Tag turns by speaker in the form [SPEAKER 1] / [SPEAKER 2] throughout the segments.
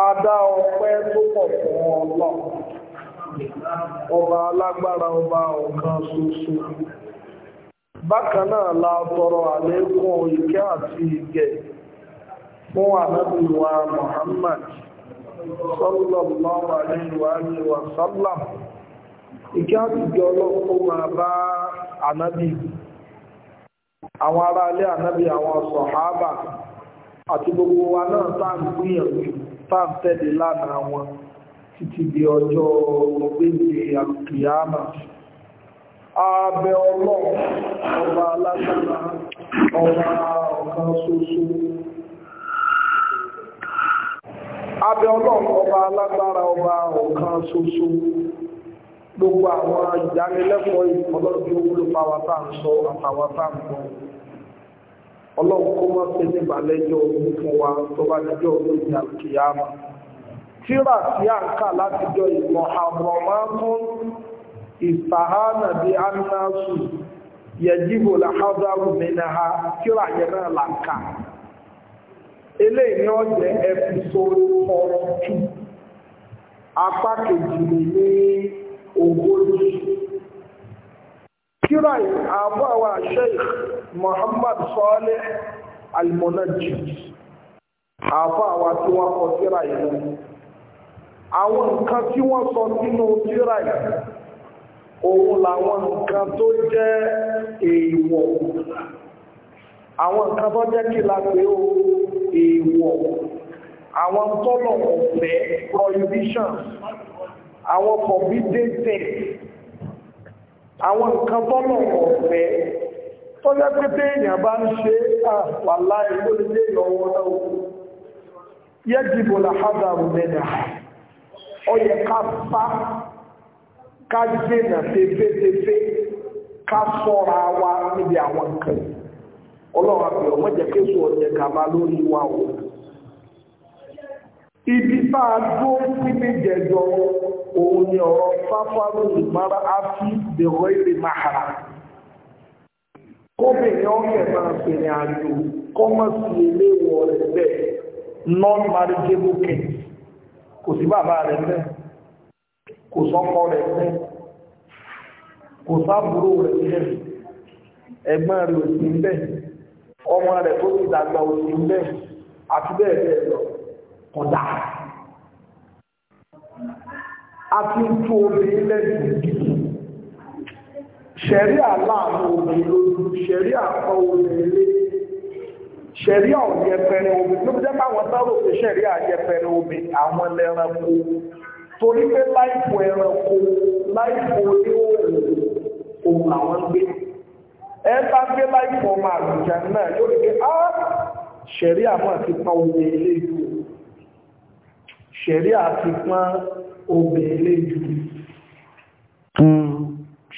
[SPEAKER 1] Adá ọpẹ́ tó pọ̀ fún ọlọ́. Ọba alágbára ọba ọ̀kan ṣoṣo. Bákan náà la tọrọ àlékún ìkẹ́ àti ìgẹ̀ fún ànábì wa wa sallam. Ìkẹ́ àti ìgẹ̀ ọlọ́pọ̀ máa bá ànábì. Àwọn ará ilé ànábì àwọn sọ̀hábà àti gbogbo wa náà tá à ń gbìyànjú táǹtẹ́lẹ̀ lánàá wọn títí di ọjọ́ ògbéǹde àkìyàmà abẹ ọlọ́run ọba alágbára ọba ọ̀kan ṣoṣo abẹ ọlọ́run ọba alágbára ọba ọ̀kan ṣoṣo gbogbo àwọn ìdánilẹ́kọ̀ọ́ ìfọlọ́dún olùpàwátà ń sọ àtàwátà ń bọ̀ ọlọ́run kó mọ́ sí nígbà lẹ́jọ́ ogun fún wa tó bá lẹ́jọ́ ogun ní alkiyama tíra sí àǹkà látijọ́ ìmọ̀ àmọ̀mọ́tún ìsàhánà bí anásù yẹjíbò làházáwù mẹ́nàá tíra yẹn náà làǹkà eléyìí ni jẹ́ fọ́ọ̀tù apá kejì kíra àbáwà sheikh Muhammad Saleh al-Munajjid àbáwà tí wọ́n kọ kíra yìí àwọn nǹkan tí wọ́n sọ nínú kíra yìí òun làwọn nǹkan tó jẹ́ èèwọ̀ àwọn nǹkan tó jẹ́ kí la pé ó èèwọ̀ àwọn tọ́lọ̀ ọ̀fẹ́ prohibitions àwọn forbidden things àwọn nǹkan tọ́lọ̀ ọ̀fẹ́ tó jẹ́ pé pé èèyàn bá ń ṣe àwàlá ìlú ilé ìyọwọ́ náà yẹ́jìbò làhádàrù mẹ́nà ọyẹ ká bá ká jẹ́nà tẹ́fẹ́tẹ́fẹ́ ká sọ́ra wa níbi àwọn nǹkan ọlọ́run àbẹ̀wò mọ́jẹ̀kẹ́sù ọ̀jẹ̀ kàmá lórí wa òun ibi bá a gbó pípé jẹjọ òun ni ọ̀rọ̀ fáfáró ìmọ̀ra á fi dèrò èrè máhàrá kóbìnrin ọ̀kẹ́ máa bèrè àjò kọ́mọ̀sì eléwọ̀ rẹ̀ bẹ́ẹ̀ non-marriageable kids kò sí bàbá rẹ̀ bẹ́ẹ̀ kò sọ́kọ rẹ̀ bẹ́ẹ̀ kò sábúrò rẹ̀ bẹ́ẹ̀ ẹ̀gbọ́n rẹ̀ ò sí bẹ́ẹ̀ ọmọ rẹ̀ tó ti dàgbà ò sí bẹ́ẹ̀ àti bẹ́ẹ̀ bẹ́ẹ̀ lọ kọjá a ti ń tú obìnrin lẹ́sìn ìdìbò ṣẹ̀rí àláàmú obìnrin lójú ṣẹ̀rí àkọ́ obìnrin lé ṣẹ̀rí ọ̀yẹpẹrẹ obìnrin ló jẹ́ báwọn sọ́rọ̀ pé ṣẹ̀rí àyẹpẹrẹ obìnrin àwọn ẹlẹ́ranko torí pé láìpò ẹranko láìpò oníhòòhò òun làwọn ń gbé ẹ bá gbé láìpò ọmọ àlùjá náà yóò rí pé á ah, ṣẹ̀rí àmọ́ àti pa omi ilé ṣẹ̀rí àfipọ́n obìnrin léjú hmm.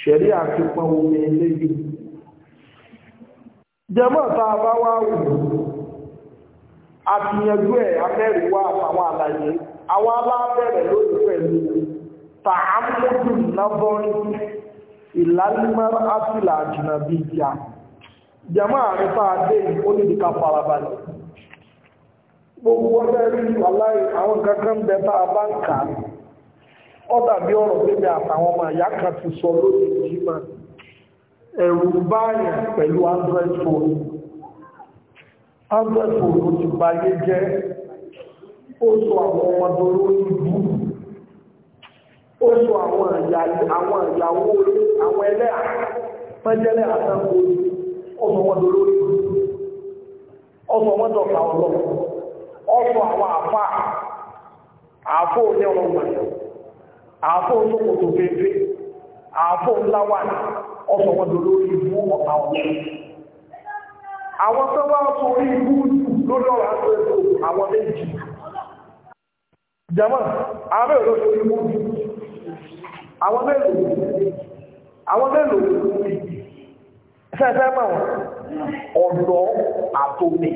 [SPEAKER 1] ṣẹ̀rí àfipọ́n obìnrin léjú jẹmọ́ ta bá wá wù àtìyànjú ẹ̀ amẹ́rìwá àtàwọn àlàyé àwọn alábẹ̀rẹ̀ lórí pẹ̀lú tààmùdù lábọ́rí ìlàlímọ́rá àtìlà àjìnàbí ìjà jẹmọ́ àrífà adé ìkóníbìkà farabalẹ̀ gbogbo ọlẹ́rí wàláì àwọn kankan bẹ bá a bá ọ ọ̀rọ̀ níbi àtàwọn ọmọ àyá kan ti sọ lóde jimá ẹ̀rù báyà pẹ̀lú android phone android phone ló ti báyé jẹ́ ó sọ àwọn ọmọdé olóyìn bú ó sọ àwọn ìyàwó ọ̀fọ̀ àwọn àfà àfọ̀ òní ọmọ àfọ̀ olókòtò pépé àfọ̀ ńláwà ọ̀fọ̀ wọn dò lórí ibú ọ̀pá ọ̀pá àwọn tó wá sọ orí ibú lórí ọ̀rọ̀ àti ètò àwọn méjì jẹmọ́ ààrẹ òlò sọ ibú àwọn mélòó àwọn mélòó fẹ́fẹ́ mọ̀ ọ̀dọ́ àtòmí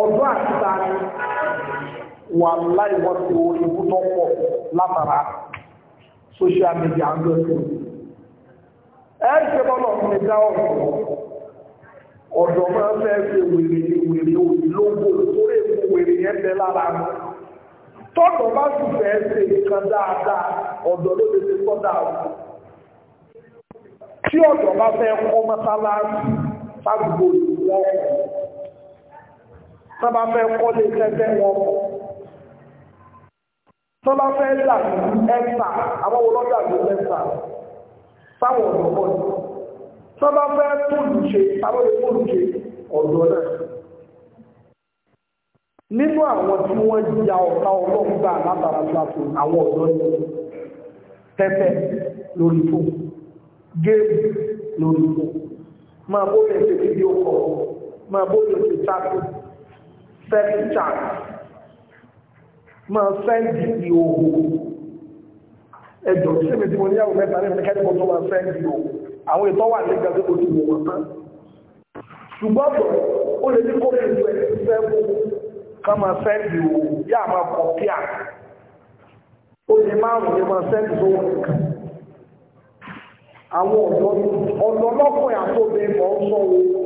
[SPEAKER 1] Ọdụ àtìta ni wà láì wọ́n ti ikú tó pọ̀ látara social media ń lọ́sẹ̀ ẹ̀ bọ́lọ̀ ní dá ọ̀rọ̀ ọ̀dọ̀ máa fẹ́ ṣe wèrè wèrè òyìnlógó torí èkó wèrè yẹn lára tọ́dọ̀ bá sì fẹ́ ṣe nǹkan dáadáa ọ̀dọ̀ ló lè ṣe sọ́dà tí sábà fẹ́ kọ́lé tẹ́tẹ́ wọn kọ́ sábà fẹ́ dàbí ẹ́sà àwọn olódàbí ẹ́sà sáwọn ọ̀dọ́ sábà fẹ́ tóòlù ṣe àwọn olóòlù ṣe ọ̀dọ́ náà nínú àwọn tí wọ́n ya ọ̀tá ọlọ́gbà látara gbàtò àwọn ọ̀dọ́ ní tẹ́tẹ́ lórí fóònù géèmù lórí fóònù máa bóyá ṣe fídíò kọ̀ máa bóyá ṣe chatting second chance máa sẹ́ǹdì ìhòhò ẹjọ́ tí èmi tí mo níyàwó mẹ́ta ní ẹ̀mẹ́kẹ́ tó máa sẹ́ǹdì ìhòhò àwọn ìtọ́ wà ní ìgbàgbé kò tí mo wọ́n tán ṣùgbọ́n bọ̀ ó lè ní kó fi ìwẹ̀ sẹ́wọ́ ká máa sẹ́ǹdì ìhòhò yá máa kọ̀ pí à ó lè márùn ní máa sẹ́ǹdì tó wọ́n nìkan àwọn ọ̀dọ́ ọ̀dọ́ lọ́kùnrin àtòbí mọ̀ ń sọ owó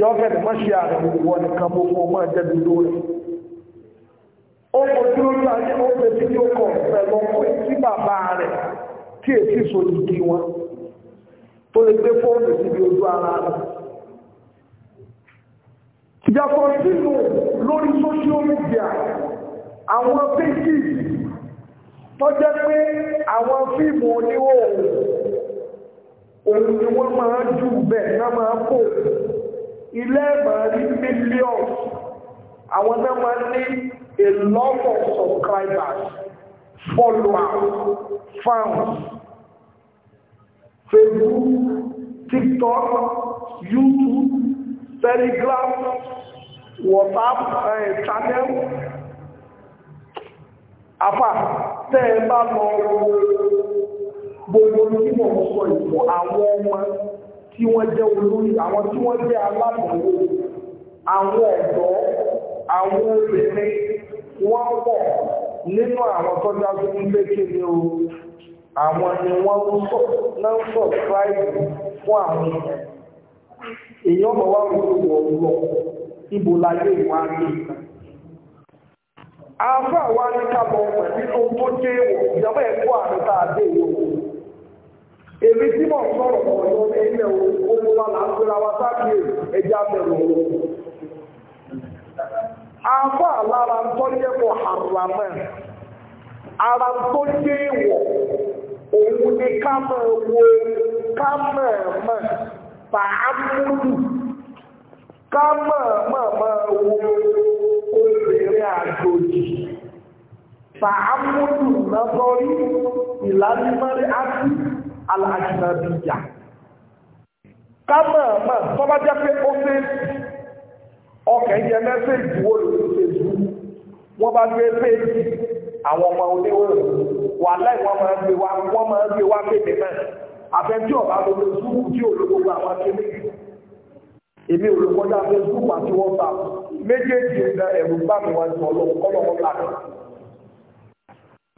[SPEAKER 1] yọ fẹ́rẹ̀ mọ́ ṣe àrẹ gbogbo nìkan mọ́ fún ọmọ ẹ̀jẹ̀ dúró rẹ̀ ó kò dúró ní ayé ó fẹ́ sí ní ọkọ̀ pẹ̀lú ọkọ̀ sí bàbá rẹ̀ tí èsì so ìdí wọn tó lè gbé fóònù síbi ojú ara rẹ̀ yàtọ̀ sínú lórí social media àwọn pages tó jẹ́ pé àwọn fíìmù oníhòòhò òun ni wọ́n máa ń jù bẹ́ẹ̀ náà máa kó ilé million. millions àwọn náà máa ní a lot of subscribers followers fans Facebook TikTok YouTube Telegram WhatsApp uh, channel apá tẹ́ ẹ bá lọ gbogbo tí mo sọ ìfọ̀ àwọn ọmọ tí wọ́n jẹ́ olórí àwọn tí wọ́n jẹ́ alábòwò àwọn ọ̀dọ́ àwọn obìnrin wọ́n pọ̀ nínú àwọn tọ́já tó ń gbé kéde o àwọn ni wọ́n ń sọ náà ń sọ fúráìdì fún àwọn èèyàn bọ̀ wá rògbò ọ̀rọ̀ ibo láyé ìwà ní àáfà wa ní kábọ̀ pẹ̀lú ohun tó jẹ́ ìjọba ẹ̀kọ́ àrùn tá a dé ìwọ̀n èmi tí mò ń sọ̀rọ̀ ọ̀dọ́ ẹ̀yìn ẹ̀ owó wa là ń pera wa sáàkì ẹja bẹ̀rù owó. Afa lára ń tọ́ yẹ kó àrùlámẹ́. Ara ń tó yé wọ̀. Òun ni ká mọ̀ wo ká mọ̀ mọ̀ fàámúlù. Ká mọ̀ mọ̀ mọ̀ wo obìnrin àjòjì. Fàámúlù náà sọ rí ìlànà mọ́rí áṣí alájìnàbíyà ká mọ̀ọ́mọ̀ tó bá jẹ́ pé ó fẹ́ ọkẹ̀ yẹ mẹ́sẹ̀jì wo ló ti ṣe jù wọ́n bá gbé péjì àwọn ọmọ oníwèrè wà láì wọ́n máa ń gbé wá wọ́n máa ń gbé wá kéde náà àfẹ́jú ọ̀bá ló ló sùkú tí olùkókò àwọn akéde èmi olùkọ́jà fẹ́ sùkú àti wọ́n bá méjèèjì ẹ̀rù bá mi wọ́n sọ lọ́wọ́ kọ́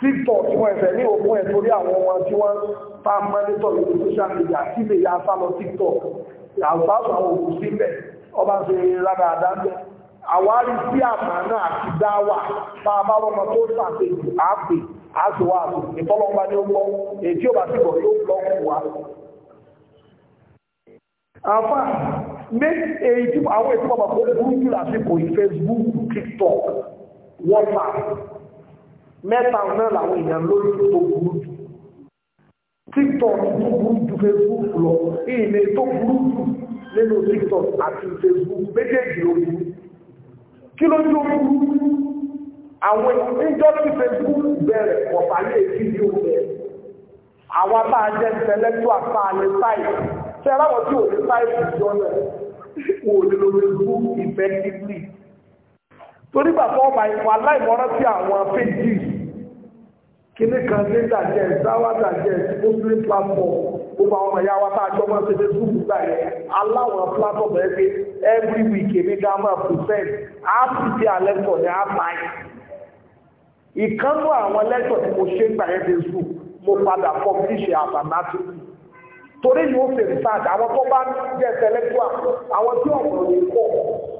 [SPEAKER 1] tiktok tí wọ́n ẹ̀fẹ̀ ní òkun ẹ̀ torí àwọn ọmọ tí wọ́n bá mọ́nítọ̀ lórí social media tí lè ya sá lọ tiktok àwùsáàsù àwọn òkú síbẹ̀ ọba ń ṣe rárá àdáńbẹ̀ àwárí sí àmà náà àti dáwà bá a bá rọmọ tó sàtẹ̀jù àpè àtòwàtò ìtọ́lọ́gbà ní ọgbọ́ èyí ò bá ti bọ̀ yóò blọ́ọ̀kù wa àfà èyí tí àwọn ètò ọmọ kò burú jù lásìkò yìí facebook tiktok whatsapp mẹ́ta náà làwọn èèyàn lórí tó burú jù tiktok tó burú jù facebook lọ ìní tó burú jù nínú tiktok àti facebook méjèèjì ló burú kí ló tó burú àwọn níjọ́ tí facebook bẹ̀rẹ̀ ọ̀sálẹ̀ èyí ni ó bẹ̀rẹ̀ àwọn bá a jẹ́ tẹ̀lẹ́tọ́ àfààní táìpù tẹ́láwọ̀ tí ò ní táìpù jọ náà wò ní lórí facebook effectively torí bàtọ́ ọba ìwà aláìmọ́rán sí àwọn pages kíní kan linda jẹ́ zawada jẹ́ muslim platform gbogbo àwọn ọmọ ìyá wa tá a jọ máa ń ṣe facebook gbà yẹn aláwọn platform ẹ pé every week èmi ga máa present á sì ti àlẹ́ sọ̀ ní àpáyé ìkánú àwọn lẹ́tọ̀ tí mo ṣe gbà yẹn facebook mo padà publish àbàmátì torí yóò ṣe research àwọn tó bá jẹ́ intellectual àwọn tí ọ̀pọ̀ lè kọ́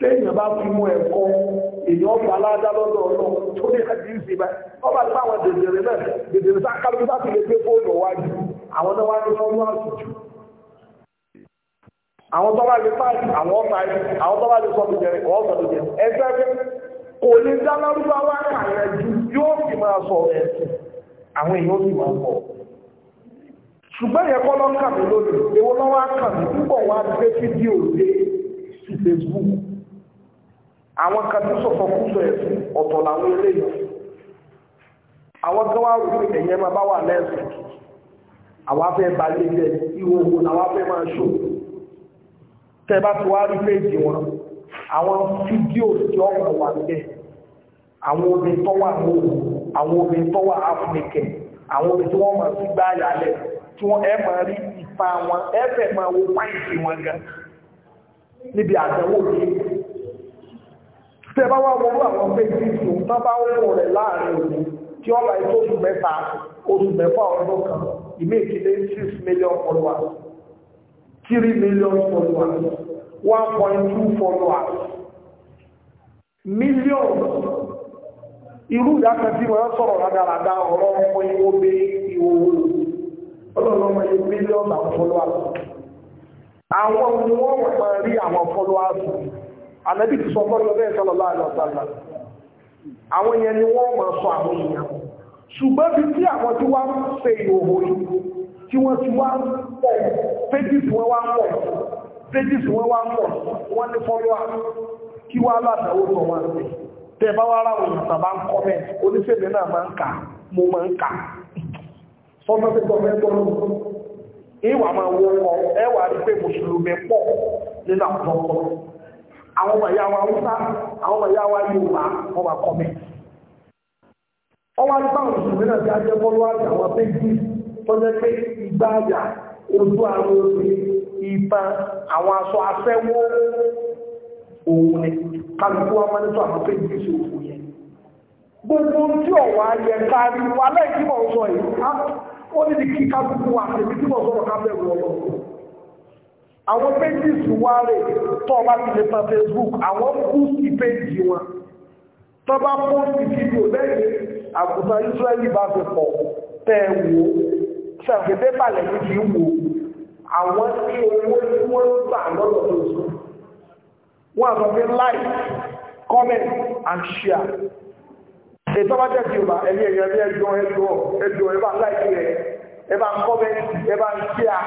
[SPEAKER 1] tẹ́yìn bá fi mú ẹ̀kọ́ èyàn fà ládá lọ́dọ̀ ọlọ́ tó ní ẹ̀dí ń sèbá ọba tí àwọn dèjèrè náà dèjèrè sá kálukú bá ti lè gbé fóònù wájú àwọn náà àwọn tó bá lè fáàlì àwọn àwọn tó bá lè ẹgbẹ́ kò dá ju yóò fi máa sọ àwọn èèyàn sì máa ṣùgbọ́n àwọn kan tó sọ̀tọ̀ kúsọ̀ ẹ̀sìn ọ̀tọ̀ làwọn eléyìí àwọn kan wá rò pé ẹ̀yẹ máa bá wà lẹ́sìn àwọn afẹ́ balẹ̀ jẹ́ ìwò òun àwọn afẹ́ máa ṣò tẹ́ bá ti wá rí péjì wọn àwọn fídíò tí ọkọ̀ wà níbẹ̀ àwọn obìnrin tó wà ní àwọn obìnrin tó wà áfíríkẹ̀ àwọn obìnrin tí wọ́n máa sí gbá yálẹ̀ tí wọ́n ẹ máa rí ipa wọn ẹ fẹ́ máa wo páìsì wọn gan níbi àdánwò yìí tẹ́ bá wá wọ́n àwọn pé ìdíjú tán bá ń wọ̀ rẹ̀ láàrin òní tí ọba ètò oṣù mẹ́ta oṣù mẹ́fà ọdún kan ìmé ìkílé six million followers three million followers one point two followers million irú ìdákan tí wọ́n sọ̀rọ̀ rádaràdá ọ̀rọ̀ ọmọ ìwọ́gbé ìwòwò ọlọ́lọ́mọ yìí million àwọn followers àwọn ni wọ́n wọ̀ rí àwọn followers ànábì ti sọ fọ́lọ́ bẹ́ẹ̀ sọ́lọ́ láàrin ọ̀sánlá àwọn yẹn ni wọ́n máa sọ àwọn èèyàn ṣùgbọ́n bí tí àwọn tí wọ́n ń ṣe ìhòòhò yìí tí wọ́n ti wá ń pọ̀ pages wọ́n wá ń pọ̀ pages wọ́n wá ń pọ̀ wọ́n ní fọ́lọ́wà kí wá látàwó tọ̀ wọ́n sí tẹ́ bá wá ráwọ̀ àwọn ọmọ ìyá wa Hausa àwọn ọmọ ìyá wa Yorùbá wọn wà kọ́ mi. wọ́n wá nípa àwọn ìṣòro náà bí a jẹ́ bọ́lú àjà àwọn péjì tó jẹ́ pé ìgbà àjà ojú àwọn oṣù ìtàn àwọn aṣọ afẹ́wó òun ni kálukú wa máa ń tó àwọn péjì sí òfò yẹn. gbogbo tí ọ̀wọ́ ayẹ kárí wa lẹ́yìn tí mo sọ yìí ó ní kí kálukú àti ibi tí mo sọ̀rọ̀ ká bẹ̀rù ọlọ́run àwọn pages wá rè tó ọba ti lè fa Facebook àwọn búùsì péjì wọn tó bá pọ́ọ̀sì fídíò lẹ́yìn àgùntàn Israeli bá fi pọ̀ tẹ́ ẹ wò ó sẹ̀fẹ̀ pépà lẹ́yìn kì í wò ó àwọn tí owó tí wọ́n ń gbà lọ́dọ̀ tó sùn wọ́n àtọ́ fi like comment and share ètò bá jẹ́ ti ọba ẹ̀yìn ẹ̀yìn ẹ̀yìn ẹ̀jọ́ ẹ̀jọ́ like ẹ̀ ẹ̀ comment ẹ̀ share.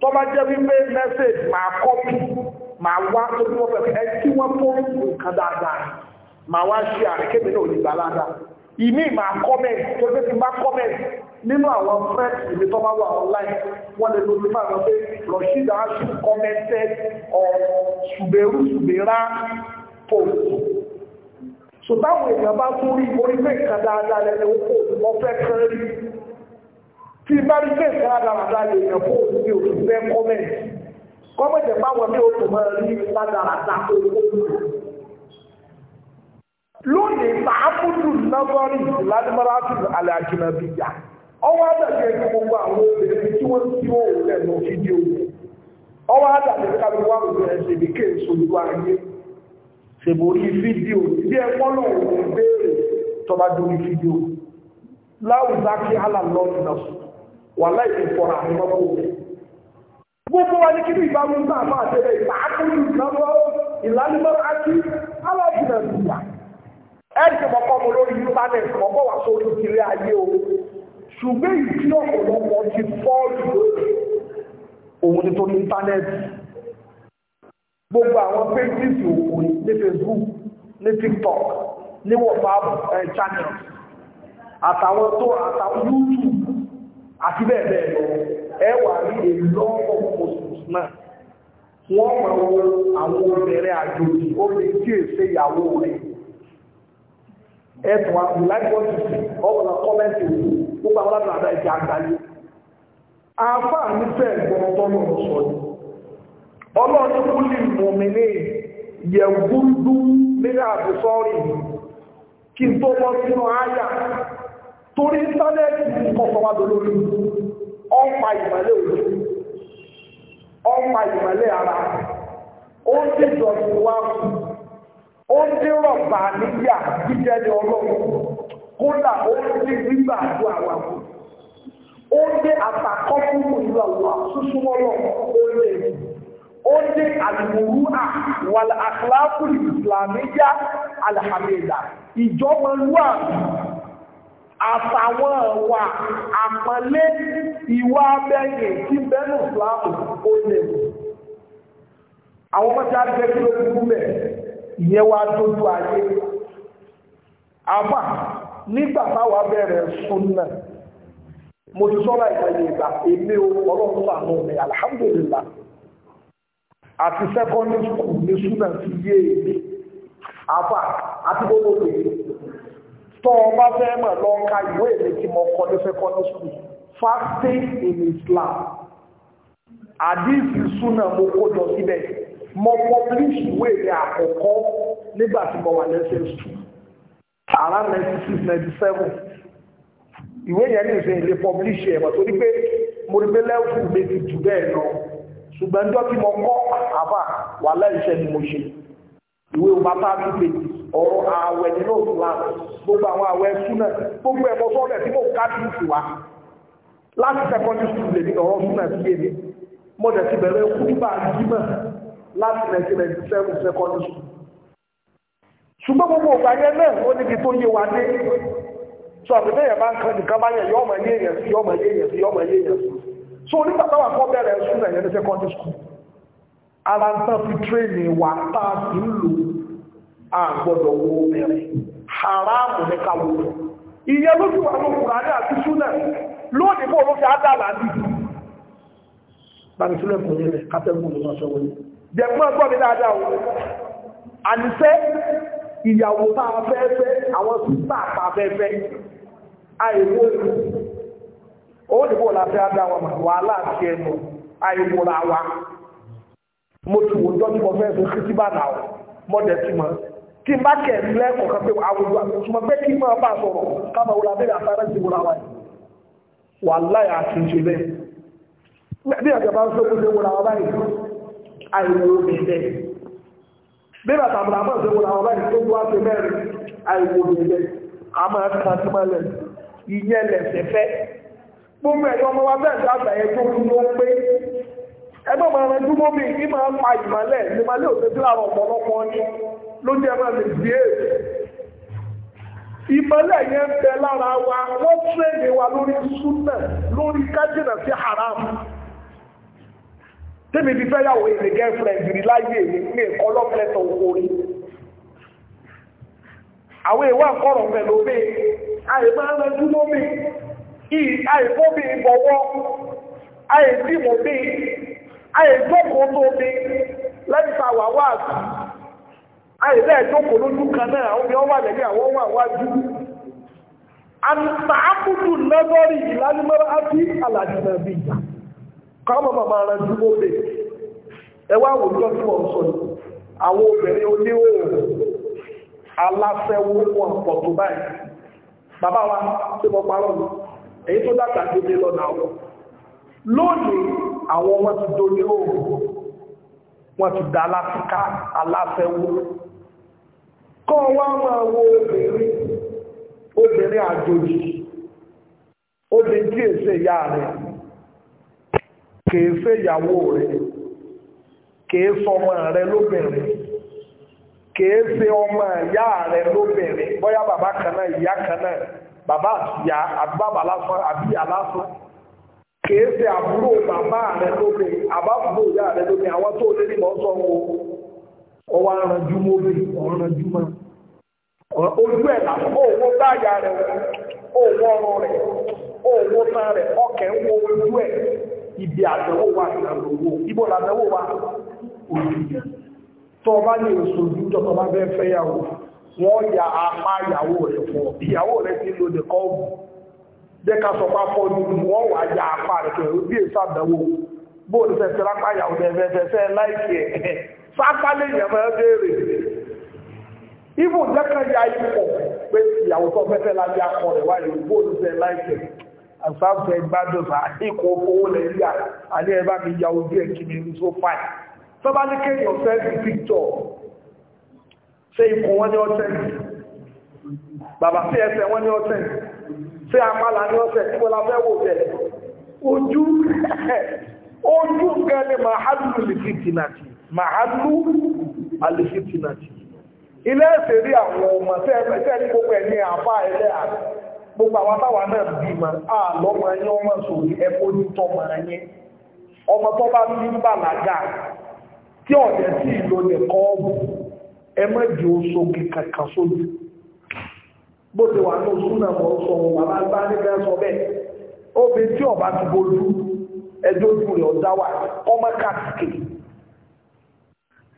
[SPEAKER 1] tó bá jẹ́ wípé mẹ́sẹ̀jì máa kọ́pì máa wá tó bí wọ́n fẹ́ ẹ tí wọ́n fún nǹkan dáadáa máa wá ṣe àríkébí náà nígbà láda ìmí máa kọ́mẹ̀tì tó gbé ti bá kọ́mẹ̀tì nínú àwọn fẹ́ẹ̀tì ìmí tó bá wà online wọ́n lè lórí máa lọ pé Rashida aṣù kọ́mẹ̀tẹ̀ ọ̀ ṣùgbẹ́rú ṣùgbẹ́rá post so táwọn èèyàn bá tún rí orí pé nǹkan dáadáa lẹ́nu ó tí mẹ́rìndé ìfaradàradà lè yàn fún òṣìṣẹ́ òṣìṣẹ́ kọ́mẹ̀ kọ́mẹ̀tẹ̀ báwọn ní oṣù máa rí ládàradà olùkọ́ lónìí tààbùdù nọ́gọ́rì ládùmọ́rá tù àlẹ́ àjùmọ̀bíyà ọwọ́ àdàbí ẹni gbogbo àwọn obìnrin tí wọ́n ti wọ́n rẹ̀ lọ fídíò ọwọ́ àdàbí kábí wà lórí ẹsẹ̀ bí kéè sọ̀rọ̀ ayé ṣèbórí fídíò bí ẹ pọ́nà òun béèrè tọ́ba dórí fídíò láwùjá kí alàlọ́ọ̀nù náà sùn wà láì fi fọ́ra àmì mọ́tò rẹ̀. gbogbo wa ní kíbi ìbámu ń bá àbá àtẹ́lẹ̀ ìgbà ákúrú ìgbàmọ́ ìlànìmọ́ ákí alájìnà ìgbà. ẹ̀rì tí mọ̀kọ́ mo lórí íńtánẹ̀tì mọ̀kọ́ wà sórí kiri ayé o ṣùgbọ́n ìdí ọ̀pọ̀lọpọ̀ ti fọ́ọ̀lù lónìí òun ni tó ní íńtánẹ̀tì gbogbo àwọn pages òkú ní Facebook ní TikTok ní WhatsApp eh, channel àtàwọn tó àtàwọn YouTube àti bẹ́ẹ̀ bẹ́ẹ̀ lọ ẹ wà rí a lot of muslims náà wọ́n máa wo àwọn obìnrin àjòjì obìnrin tí èsè ìyàwó rẹ̀ ẹ̀tùn àwọn láìpọ́sìsì ọ̀pọ̀lọpọ̀ kọ́mẹ́ntì òkú gbogbo àwọn alábàdà ìjà àgbáyé àfáà ní fẹ́ ẹ̀gbọ́n tọ́lọ̀ ni ọlọ́run kú lè mọ̀mìnì yẹ̀gúndú nígbà àbùsọ́rì kí n tó torí íńtánẹ́ẹ̀tì kọ̀ọ̀kan wá dolórí ọ̀pá ìmọ̀lẹ̀ òjú ọ̀pá ìmọ̀lẹ̀ ara ó ń dé ìjọsìn wá ó ń dé rọ̀bà níyà jíjẹ́ ní ọlọ́run kódà ó ń dé gbígbà àjọ àwọn àbò ó ń dé àtàkọ́ fún ìlú àwọn àṣùṣùmọ́ náà ó lè ó ń dé àlùmọ̀rú àwọn àkàlákùn ìsìlámíyà alhamida ìjọba lúwà àtàwọn ẹ̀wà àpọ́nlé ìwà abẹ́yìn tí bẹ́ẹ̀nù fúlàmù ó lè mú. Àwọn ọmọdé àgbẹ̀ tí ó kú mẹ́ ìyẹn wá dójú ayé. Àbá nígbà táwa bẹ̀rẹ̀ súnà, mo ti sọ́ra ìpẹ̀lẹ̀ ìgbà èmi ọlọ́run sànú mi, alhamdulillah. Àti secondary school ní súnà ti yé èmi. Àbá àti gbogbo èmi tó o bá fẹ́ mọ̀ lọ ka ìwé èmi tí mo kọ ní secondary school fasting in Islam àdìsí súnà mo kó jọ síbẹ̀ mo publish ìwé mi àkọ́kọ́ nígbà tí mo wà lẹ́sẹ̀ school around ninety six ninety seven ìwé yẹn ní ìsìn ilé publish ẹ̀ wọ́n torí pé mo rí pé lẹ́wù mi ti jù bẹ́ẹ̀ lọ ṣùgbọ́n ọjọ́ tí mo kọ́ àbá wà láìṣẹ́ ni mo ṣe ìwé ọba tá a tún pèjì ọ̀rọ̀ ààwẹ̀ nínú òtù wa gbogbo àwọn ààwẹ̀ súnà gbogbo ẹ̀kọ́ sọ́ọ̀bẹ̀ tí mo ká sí ìtù wa láti secondary school lè ní ọ̀rọ̀ súnà sí èmi mo dẹ̀ ti bẹ̀rẹ̀ kú nígbà jímọ̀ láti 1997 secondary school ṣùgbọ́n gbogbo ọ̀gbà yẹn náà ó níbi tó yé wa dé sọ àpẹẹrẹ yẹn bá ń kan nìkan bá yẹn yọ ọmọ yé yẹn sí ọmọ yé yẹn sí ọmọ yé yẹn sí so nígbà táwọn akọ bẹ̀rẹ̀ súnà yẹn ní secondary school ara ń tán fi tréènì wà tá a sì ń lò àgbọ̀dọ̀ wo obìnrin haramu ní káwọ́ ìyẹn ló fi wà ní Kùránì àti súnà lónìí bó ló fi ádàlà ní bàbí sílẹ̀ kò nílẹ̀ kátẹ́gùn ló sọ wọlé jẹ̀gbọ́n ẹgbọ́n mi dáadáa o àníṣẹ́ ìyàwó tá a fẹ́ fẹ́ àwọn sísá tá a fẹ́ fẹ́ àìwó ìlú owó ìdìbò làfẹ́ ádá wa wàhálà àti ẹnu àìwòrà wa mo ti wò jọ́jú mo fẹ́ fẹ́ kìtìbà náà mo dẹ̀ ti mọ̀ kí n bá kẹ̀ lẹ́kọ̀ọ́ kan pé àwùjọ àtúnṣùmọ̀ pé kí máa bá sọ̀rọ̀ káàmà wọlé abẹ́rẹ́ àtàrà ti wọlé àwọn wà láyà àtúnṣe bẹ́ẹ̀ bí ọ̀gá bá ń sọ pé wọlé àwọn báyìí àìwò bẹ̀rẹ̀ bí bàtà àmàlà àmà ṣe wọlé àwọn báyìí tó bú wá sí mẹ́rin àìwò bẹ̀rẹ̀ àmà kan sí máa lẹ̀ ìyẹn lẹ̀sẹ̀ fẹ́ gbogbo ẹ̀yọ́ ọmọ wa bẹ́ẹ̀ dábàá ẹ̀ tó kú ló ń pé ẹgbẹ́ ọmọ rẹ̀ dúró mi ní ló jẹ́ máa lè bí èè ìmọ̀lẹ̀ yẹn ń bẹ lára wa wọ́n tírèdì wa lórí súnà lórí kájìnà sí haram tẹ́mi ti fẹ́yàwó èrè girlfriend rí láyé èyí ní ẹ̀kọ́ lọ́pẹ́lẹ́tọ̀ orí àwọn ìwà kọ̀rọ̀ pẹ̀lú mi àìmọ́ ẹranjú lómi àìfọ́ mi bọ̀wọ́ àìsímọ̀ mi àìjọ́kọ̀ọ́ tó mi lẹ́yìn tàwà wáàsí àyè bẹ́ẹ̀ jókòó lójú kan náà omi ọwọ́ àlẹ́lẹ́ àwọn wà wájú àtàkùtù lẹ́gọ́rì ìlànìmọ́ra ápí alàjìnà bí ìjà kọ́mọ̀ bàbá ara tí sọ àwọn obìnrin oníhòòhò wọn tó báyìí bàbá wa tí mo parọ́ mi èyí tó dàgbà dédé lọ́nà àwọn lónìí àwọn wọn ti wọn ti dá kọ́ ma wo obìnrin obere àjòjì obìnrin tí èsè ìyá rẹ̀ kèé fẹ́ ìyàwó rẹ̀ kèé sọmọ rẹ̀ lóbìnrin kèé ṣe ọmọ ìyá ya lóbìnrin baba bàbá ya kana, ìyá kan náà bàbá àtìyá àbábà lásán àbíyà lásán kèé ṣe àbúrò bàbá rẹ̀ lóbìnrin àbábùrò ìyá rẹ̀ lóbìnrin àwọn ọwọ́ aranjú mọ́bí ọ̀ranjú mọ́ ojú ẹ̀ làwọn owó báyà rẹ̀ owó ọrọ̀ rẹ̀ owó tán rẹ̀ ọkẹ̀ ń wo ojú ẹ̀ ibi àtẹ̀wò wa ìrànlọ́wọ́ ibo làtẹ̀wò wa ojú yẹn tó ọba ní oṣù ojú tó ọba bẹ́ẹ̀ fẹ́ yàwó wọ́n ya apá ìyàwó rẹ̀ fún ọ ìyàwó rẹ̀ ti lo the call jẹ́ ká sọ pa fọ́ ní wọ́n wà ya apá rẹ̀ fún ẹ̀ bí èso àdánwò bóòlù fẹ́ fẹ́ lápá ìyàwó rẹ̀ fẹ́ fẹ́ láìpẹ́ sápálẹ̀ yẹn máa béèrè ibù jẹ́kẹ̀yà ipò pé ìyàwó tó fẹ́fẹ́ láti akọ rẹ̀ wáyé ògbó olùfẹ́ láìpẹ́ àfáfẹ́ gbádùn sá ikọ̀ owó lẹ̀ yà alẹ́ ẹ bá mi ya ojú ẹ̀ kí mi rí so fáì tó bá ní kéèyàn fẹ́ fi píktọ̀ ṣé ikùn wọn ní ọ̀sẹ̀ bàbá sí ẹsẹ̀ wọn ní ọ̀sẹ̀ ṣé apálá ní ọ̀sẹ̀ tí wọ́n la fẹ́ wò bẹ̀ ojú ojú gan ni màá hàdùn lè fi tìǹà màálù alìfitìnàtì ilé ẹ̀sẹ̀ rí àwọn ọmọ tẹ́ẹ̀fẹ́ ní gbogbo ẹ̀ ní àbá ẹlẹ́ àná gbogbo àwọn táwa náà bí ma àlọ́mọ ẹyẹ ọmọ sòrí ẹkọ ní tọmọ ẹyẹ ọmọ tó bá ní bàlágà tí ọ̀dẹ̀ tí ìlò nìkan ọ̀bù ẹ má di oṣooṣù kankan sójú bó ti wà ní oṣù náà mọ̀ sọ wọn bàbá bá nígbà sọ bẹ́ẹ̀ obìnrin tí ọba ti bójú ẹjọ́ ojú rẹ̀ ọmọ kàkìkì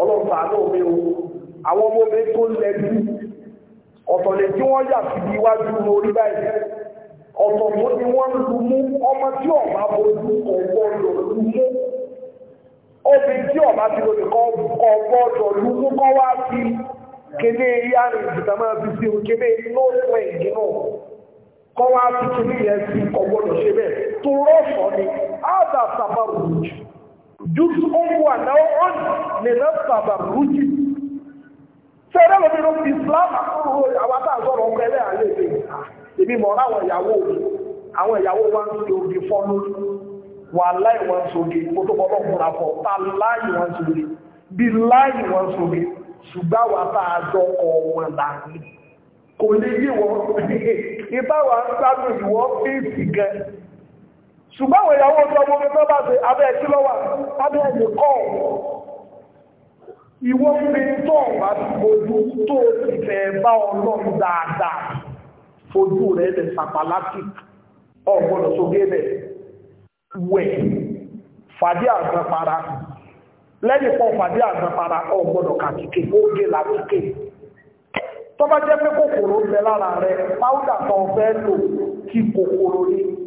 [SPEAKER 1] ọlọ́pàá náà mi o àwọn ọmọ mi tó lẹ́bí ọ̀tọ̀lẹ̀ tí wọ́n yà sí iwájú orí báyìí ọ̀tọ̀ tó ni wọ́n lu mú ọmọ tí ọ̀bá bojú ọ̀gbọ́dọ̀ lu mú obì tí ọ̀bá ti lò nìkan ọ̀gbọ́dọ̀ lu mú kọ́ wá sí kéde yá ní ìjìká máa fi sí o kéde lóòpin ìdí náà kọ́ wá sí kéde yẹn sí ọ̀gbọ́dọ̀ ṣe bẹ́ẹ̀ tó rọ̀ṣọ́ ni áàdà sábà rò jù jùsù ọ̀hún àdáwọ̀ ọ̀n lè lọ sàbà rújì. Fẹ́rẹ́ lómi ló fi Islam àkúrò àwọn tá à ń sọ̀rọ̀ ọkọ ẹlẹ́ àlẹ́ ìlú. Èmi mọ̀ ọ́n àwọn ìyàwó mi, àwọn ìyàwó wa ń ṣe ògì fọ́nú. Wà láì wọn sògì, mo tó bọ́ lọ́kùnrin àfọ̀, ta láì wọn sògì, bí láì wọn sògì, ṣùgbọ́n àwọn tá a dọ́kọ̀ wọn láàyè. Kò lè yí wọn, ìbáwá ń sábò ìwọ́ fèsì gan ṣùgbọ́n àwọn ìyàwó ọjọ́ ọmọ ọmọ bá ṣe abẹ́ ẹ̀kí lọ́wà abẹ́ ẹ̀lẹ̀ kọ́ ìwọ fi tó ọ̀bá fojú tó ti fẹ́ bá ọlọ́run dáadáa fojú rẹ̀ lẹ̀ sàpàlátì ọ̀gbọ́dọ̀ sógé bẹ̀ wẹ̀ fàdí àgbọn para lẹ́yìn pọ̀ fàdí àgbọn para ọ̀gbọ́dọ̀ kàkìkì ógé làkìkì tó jẹ́ pé kòkòrò ń bẹ lára rẹ̀ páúdà kan fẹ́ lò kí kòkòrò ní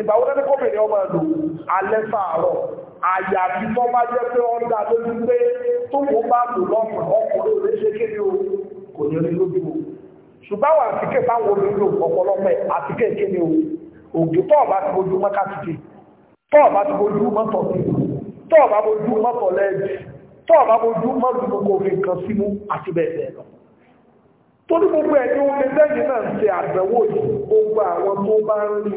[SPEAKER 1] ìgbà wọ́n tẹ́lẹ̀ kọ́bìnrin ọmọ ẹ̀lò alẹ́ sàárọ̀ àyàfi tó bá jẹ́ pé wọ́n dá lójú pé tó kó bá lò lọ́mọ ọkùnrin òde ṣe kéde o kò ní orí lójú o ṣùgbọ́n àwọn àtìkè táwọn obìnrin lò ọ̀pọ̀lọpọ̀ ẹ̀ kéde o òjò tó ọba ti bojú mọ́ kàtìkè tó ọba ti bojú mọ́tọ̀ tó ọba bojú mọ́tọ̀ lẹ́ẹ̀dì tó ọba bojú mọ́tọ̀ gbogbo òfin kan sínú àti bẹ́ẹ̀ bẹ́ẹ̀ lọ torí gbogbo ẹ̀ ní omi lẹ́yìn náà tó bá ń rí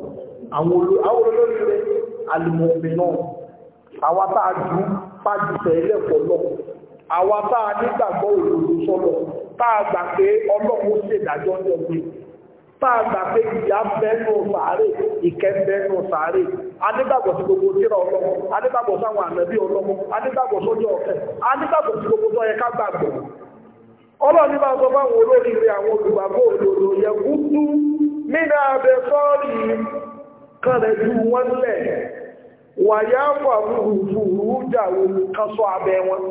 [SPEAKER 1] àwọn olórí rẹ̀ àwa tá a dùn fàjìṣẹ́ ilẹ̀ pọ̀lọ́ àwa tá a nígbàgbọ́ òdodo sọ́lọ̀ tá a gbà pé ọlọ́run ṣèdájọ́ ń yọgbìn tá a gbà pé ìyá bẹ́nu sàárè ìkẹ́ bẹ́nu sàárè anígbàgbọ́ sí gbogbo tíra ọlọ́run sáwọn ọ̀fẹ́ sí gbogbo tó yẹ ká bá sọ fáwọn olóríire àwọn olùgbàgbọ́ kọ́rẹ̀ ju wọ́n lẹ̀ wàyá kan sọ abẹ́ wọn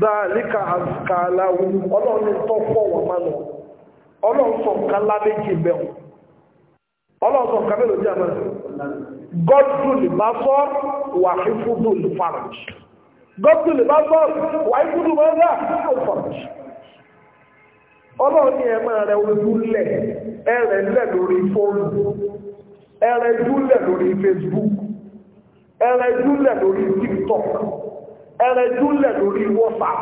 [SPEAKER 1] dáàlíkà àzùkàlà wọn ọlọ́run tó fọ́ wọn má lọ ọlọ́run sọ nǹkan lábẹ́jì bẹ́ẹ̀ ọlọ́run sọ nǹkan mélòó jẹ́ àmà gọ́dùlì bá wà fífúdùlì ẹ̀rẹ̀ júlẹ̀ lórí Facebook ẹ̀rẹ̀ júlẹ̀ lórí TikTok ẹ̀rẹ̀ júlẹ̀ lórí WhatsApp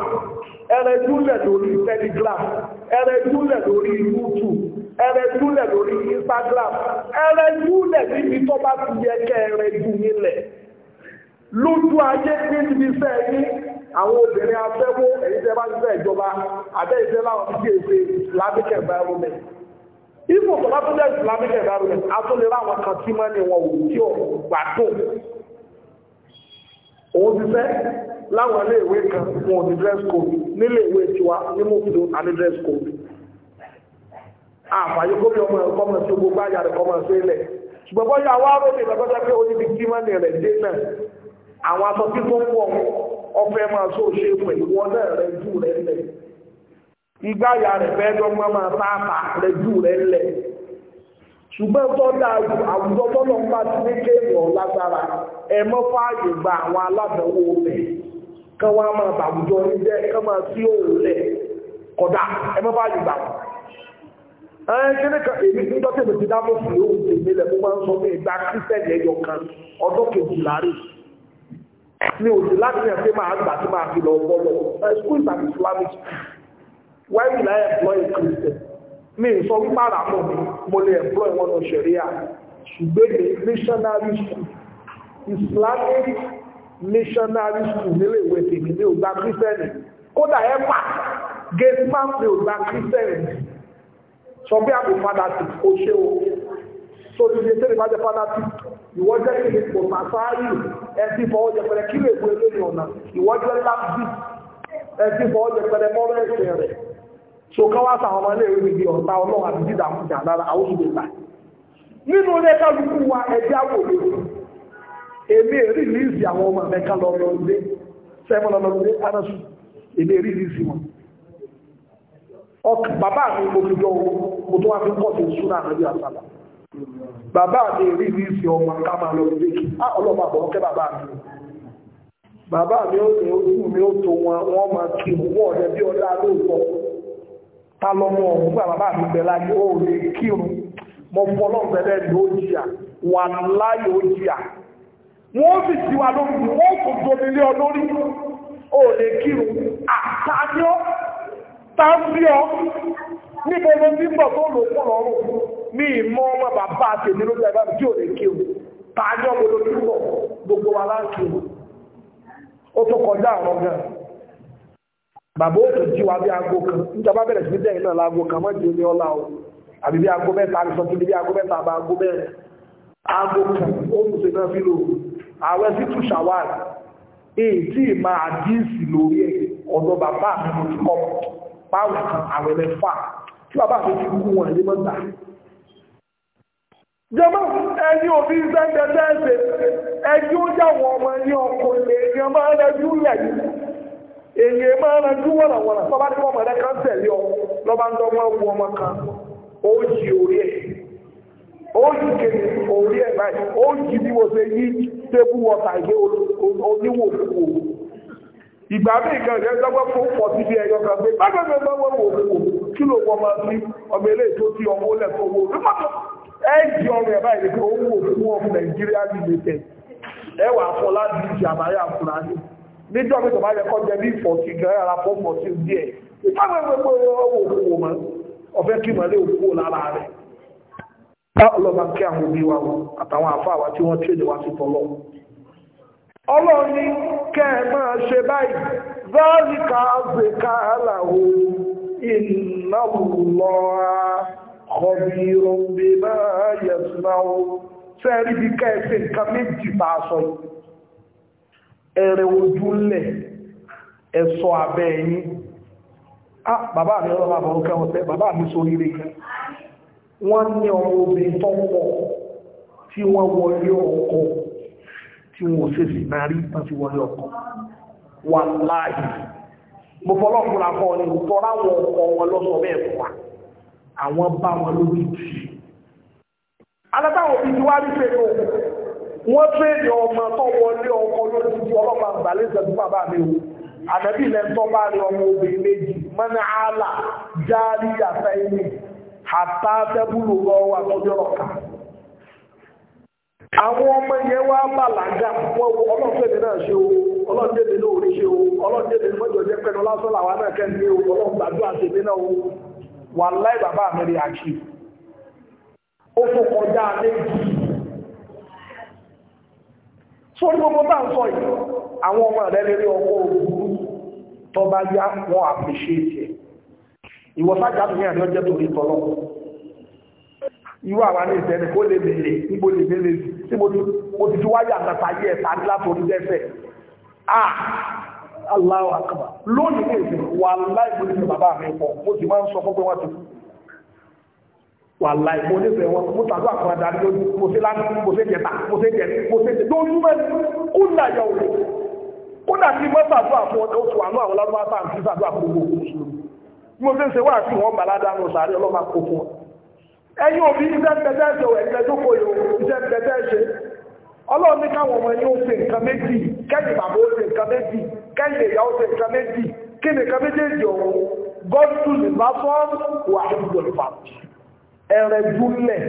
[SPEAKER 1] ẹ̀rẹ̀ júlẹ̀ lórí Telegram ẹ̀rẹ̀ júlẹ̀ lórí YouTube ẹ̀rẹ̀ júlẹ̀ lórí Instagram ẹ̀rẹ̀ júlẹ̀ níbi tó bá ti yẹ kẹ́ ẹ̀rẹ̀ jù nílẹ̀ lójú ayé pé níbi iṣẹ́ yín àwọn obìnrin afẹ́wó ẹ̀yìn tẹ́ bá ń fẹ́ ìjọba àbẹ́ ìṣẹ́ láwọn ti gbèsè lábẹ́kẹ̀ environment ipò tó bá tún jẹ́ islamic environment a tún lè ráwọn kan tí máa ní wọn ò tí ò gbàdùn òun ti fẹ́ láwọn ilé ìwé kan wọn ò ní dress code nílé ìwé tiwa ní mọ́fìdó àní dress code àfàyè gómi ọmọ ẹ̀ kọ́mọ sí gbogbo àyà rẹ̀ kọ́mọ sí ilẹ̀ ṣùgbọ́n bọ́ yà wá ròdì ìgbàgbọ́jọ́ pé ó ní bí kí máa ní rẹ̀ dé náà àwọn aṣọ tí tó ń pọ̀ ọfẹ́ máa sóò pẹ̀lú wọn náà rẹ̀ jù rẹ̀ lẹ̀ ìgbáyà rẹ̀ fẹ́ dọ́gbọ́n máa sáàpà rẹ̀ jù rẹ̀ lẹ̀ ṣùgbọ́n tó dáa ju àwùjọ tọ́lọ̀ ń bá ti ní kéèyàn lágbára ẹ mọ́ fààyè gba àwọn aládàáwò rẹ̀ kán wá máa bàwùjọ ní jẹ́ kán máa sí òun lẹ̀ kódà ẹ mọ́ fààyè gbà wọ́n. ẹ kíni kan èmi ní dọ́tí èmi ti dá mọ́ fún yóò ṣe mí lẹ̀ mo máa ń sọ pé ìgbà kírísítẹ́nì ẹ̀yọ kan ọdún kejìlá rè mi ò sí láti yàn pé máa gbà tí máa fi lọ bọ́ lọ why will I employ a Christian mi n sọ wípé ara mọ̀ mi mo lè employ wọn lọ ṣẹ̀rí à ṣùgbọ́n mi missionary school Islamic missionary school nílé ìwé tèmi ní ògbà kírísítẹ́nì kódà ẹ pa gate man ní ògbà kírísítẹ́nì sọ bí àbò padà sí kò ṣe o so ti ṣe tẹ́lẹ̀ bá jẹ́ padà sí ìwọ jẹ́ kí ni kò máa sáárì ẹtí fọwọ́ jẹ pẹ̀lẹ́ kí lè gbé lórí ọ̀nà ìwọ jẹ́ lábí ẹtí fọwọ́ jẹ pẹ̀lẹ́ mọ́rọ̀ ẹ̀sìn rẹ̀ so ká wá sáwọn ọmọ iléèwé mi bí ọ̀tá ọlọ́run àti dídà fún ìjà lára àwọn oṣù mẹ́ta nínú ilé kálukú wa ẹ̀dí àwò mi èmi èrí líìsì àwọn ọmọ mẹ́ka lọ lọ ilé sẹ́mọ́ lọ lọ ilé anasu èmi èrí líìsì wọn ọkàn bàbá mi mo fi jọ owó mo tún wá fi kọ́ sí súnà àbí àsàlà bàbá mi èrí líìsì ọmọ ká máa lọ ilé kí á ọlọ́pàá bọ̀ ọkẹ́ bàbá mi bàbá mi ó ṣe ojú mi ó tó wọn wọn máa kí wọn ọ̀dẹ bí ọdá lóòótọ́ ta lọ́mọ ọ̀hún gbà bàbá mi bẹ̀ láyé ó lè kírun mọ fọlọ́ bẹ̀rẹ̀ ní ó jìyà wà láyé ó jìyà wọ́n sì ti wà lórí wọ́n kò domi lé ọ lórí ó lè kírun àtàníọ́ tábíọ́ níbo ló tó lò fún lọ́rùn ní ìmọ̀ bàbá àtẹ̀mí ló bàbá òtún jí wa bí aago kan níjọba bẹ̀rẹ̀ sí dẹ́yìn náà láago kan mọ́jú ní ọlá o àbí bí aago mẹ́ta àbísọ́ tó ní bí aago mẹ́ta àbá aago mẹ́rin aago kan ó ń ṣe náà sílò ààwẹ̀ sí tù ṣàwàl èyí tí ì máa àdíìsì lórí ẹ̀ ọ̀dọ̀ bàbá mi mo ti kọ́ páwù kan ààwẹ̀ mẹ́fà tí bàbá mi ti kú wọn ní mọ́ta. jọba ẹni òbí sẹ́ńtẹ̀ sẹ́ńtẹ̀ ẹni ó yà wọ ọmọ ní ọkùnrin èèyàn máa rẹ èyí ẹ máa ranjú na tọ́ba ní wọ́n mọ̀lẹ́ kan tẹ̀lé ọ lọ́ba ń dọ́gbọ́n wu ọmọ kan ó yí orí ẹ̀ ó yí kéde orí ẹ̀ báyìí ó yí bí mo ṣe yí tébù wọ́tà yé oníwò fúwo ìgbà bí nǹkan ìgbà fún bí ẹyọ kan pé bákan wọ́n wò kí ló wọ́n máa ọmọ ọmọ wò ẹ jí báyìí pé ó wò fún ọmọ Nàìjíríà níjọ́ mi tọ̀bá yẹ kọjá bí fọ̀tí gan ara fọ́ fọ̀tí díẹ̀ ìfáwọn ẹgbẹ́ pé ọwọ́ òkú wò mọ́ ọ̀fẹ́ kí màlẹ́ òkú wò lára rẹ̀ bá ọlọ́ba kí àwọn òbí wa wọn àtàwọn àfáà wa tí wọ́n tẹ̀lé wa sí tọ́lọ́ ọlọ́run ní kẹ́ ẹ máa ṣe báyìí zọ́ọ̀lìkà zèkà àlàó ìnáwùlọ́ ọ̀bìrùn bíbá yẹ̀sùn náà sẹ́ẹ̀rí bí kẹ́ ẹ ṣe nǹkan méjì bá a ẹrẹ ojúlẹ̀ ẹ̀sọ́ abẹ́ ẹ̀yìn ah bàbá mi ọlọ́run àbọ̀rúkẹ́ ọ̀tẹ́ bàbá mi sórí rẹ̀ wọ́n ní ọmọ obìnrin tó pọ̀ tí wọ́n wọlé ọkọ tí wọ́n ṣe sì náà rí tán sí wọlé ọkọ wà láàyè mo fọlọ́kùnrin akọ ni tọ́ra wọn ọkọ wọn lọ́sọ̀ bẹ́ẹ̀ fún wa àwọn bá wọn lórí tì í alátàwọn òbí ti wá rí pé wọ́n tẹ́lẹ̀ ọmọ tó wọlé ọkọ lórí ti ọlọ́pàá gbàlẹ́ ìṣẹ́jú bàbá mi wò ànábì lẹ́ńtọ́ bá rí ọmọ obìnrin méjì mọ́nà àlà járí àtẹ́yìn àtà tẹ́bùlù lọ́wọ́ àtọ́jọ́ ọ̀ka àwọn ọmọ yẹn wá bàlágà wọn wo ọlọ́ọ̀fẹ́mi náà ṣe o ọlọ́ọ̀dẹ́mi náà ò ní ṣe o ọlọ́ọ̀dẹ́mi mọ́jọ jẹ́ pẹ̀lú lásán làwọn náà kẹ́ni o ọlọ́ọ̀gbàdúrà tèmi náà o wà láì bàbá mi rí ó fò kọjá méjì sórí gbogbo bá ń sọ yìí àwọn ọmọ rẹ̀ lérí ọkọ̀ ògùn tó bá yá wọn àpèṣéètì ẹ̀ ìwọ̀sájà mi àjọ jẹ́ torí tọ́lọ́ ìwọ àwọn ní ìtẹ́ni kó lè mèlè níbo lè mèlè tí mo ti fi wáyà nàta yí ẹ̀ tàbí látòrí dẹ́fẹ̀ ah Allahu akbar lónìí ní ìsìn wà láìpẹ́ bàbá mi pọ̀ mo sì máa ń sọ fún pé wọ́n ti kú wàlá ìmọ̀ onífẹ̀ẹ́ wọn mo tàdó àkàrà dàrí lójú mo ṣe lánàá mo ṣe jẹta mo ṣe jẹ mo ṣe jẹ lójú mẹ́rin ó nà yà òwe kódà kí wọ́n tàdó àfọ oṣù àánú àwọn lọ́dún bá ń fi tàdó àfọ owó mùsùlùmí bí mo ṣe ń ṣe wá sí wọn bàlá dánú sàárẹ̀ ọlọ́mà kó fún ọ. ẹ̀yin òbí iṣẹ́ pẹ̀tẹ́ ṣe ò ẹ̀jẹ̀ tó kòyò iṣẹ́ pẹ̀tẹ́ ṣe ọlọ́run ní káwọn ọmọ yín ó ṣe nǹkan méjì kẹ́yìn bàbá ó ṣe nǹkan méjì kẹ́yìn ìyá ó ṣe nǹkan méjì kí nìkan méjèèjì ọ̀hún gọ́dùn lè bá fọ́ọ̀mù wà á dùn lè bá fọ́ọ̀mù. ẹrẹdúlẹ̀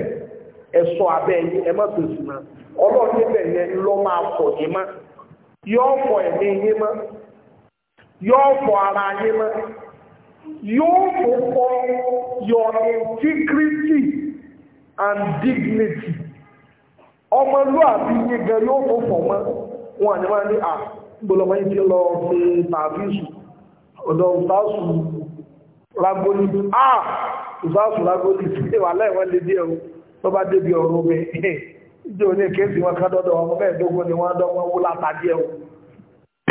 [SPEAKER 1] ẹ̀sọ́ abẹ́ yìí ẹ má pèsè náà ọlọ́run níbẹ̀ yẹn lọ́ máa fọ̀ yín má yóò fọ̀ ẹ̀mí yín má ara yín má yóò fọ̀ your integrity and dignity ọmọlúwàbí gan yóò wọn à gbọlọmọ yìí ti lọ ṣe tàbí lágbólì ah ìbáṣù lágbólì sí wà láìwọ́n lè dí ẹ̀rù tó bá débi ọ̀rọ̀ omi ìjọ ní kéèsì wọn ká dọ́dọ̀ ọmọ ni wọ́n dọ́gbọ́n wó látàdí ẹ̀rù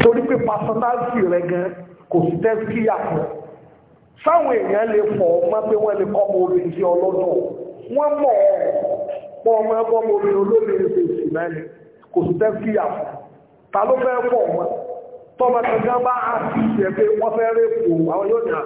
[SPEAKER 1] torí pé pásọ́tàsì rẹ̀ gan kò sí tẹ́sí yàtọ̀ sáwọn èèyàn lè fọ̀ ọmọ pé wọ́n lè kọ́ ọmọ obìnrin sí ọlọ́dọ̀ wọ́n mọ̀ pọ̀ ọmọ ẹgbọ́ ọmọ obìnrin olóbìnrin sì sì mẹ́rin kò ọmọ tọ́mọ kan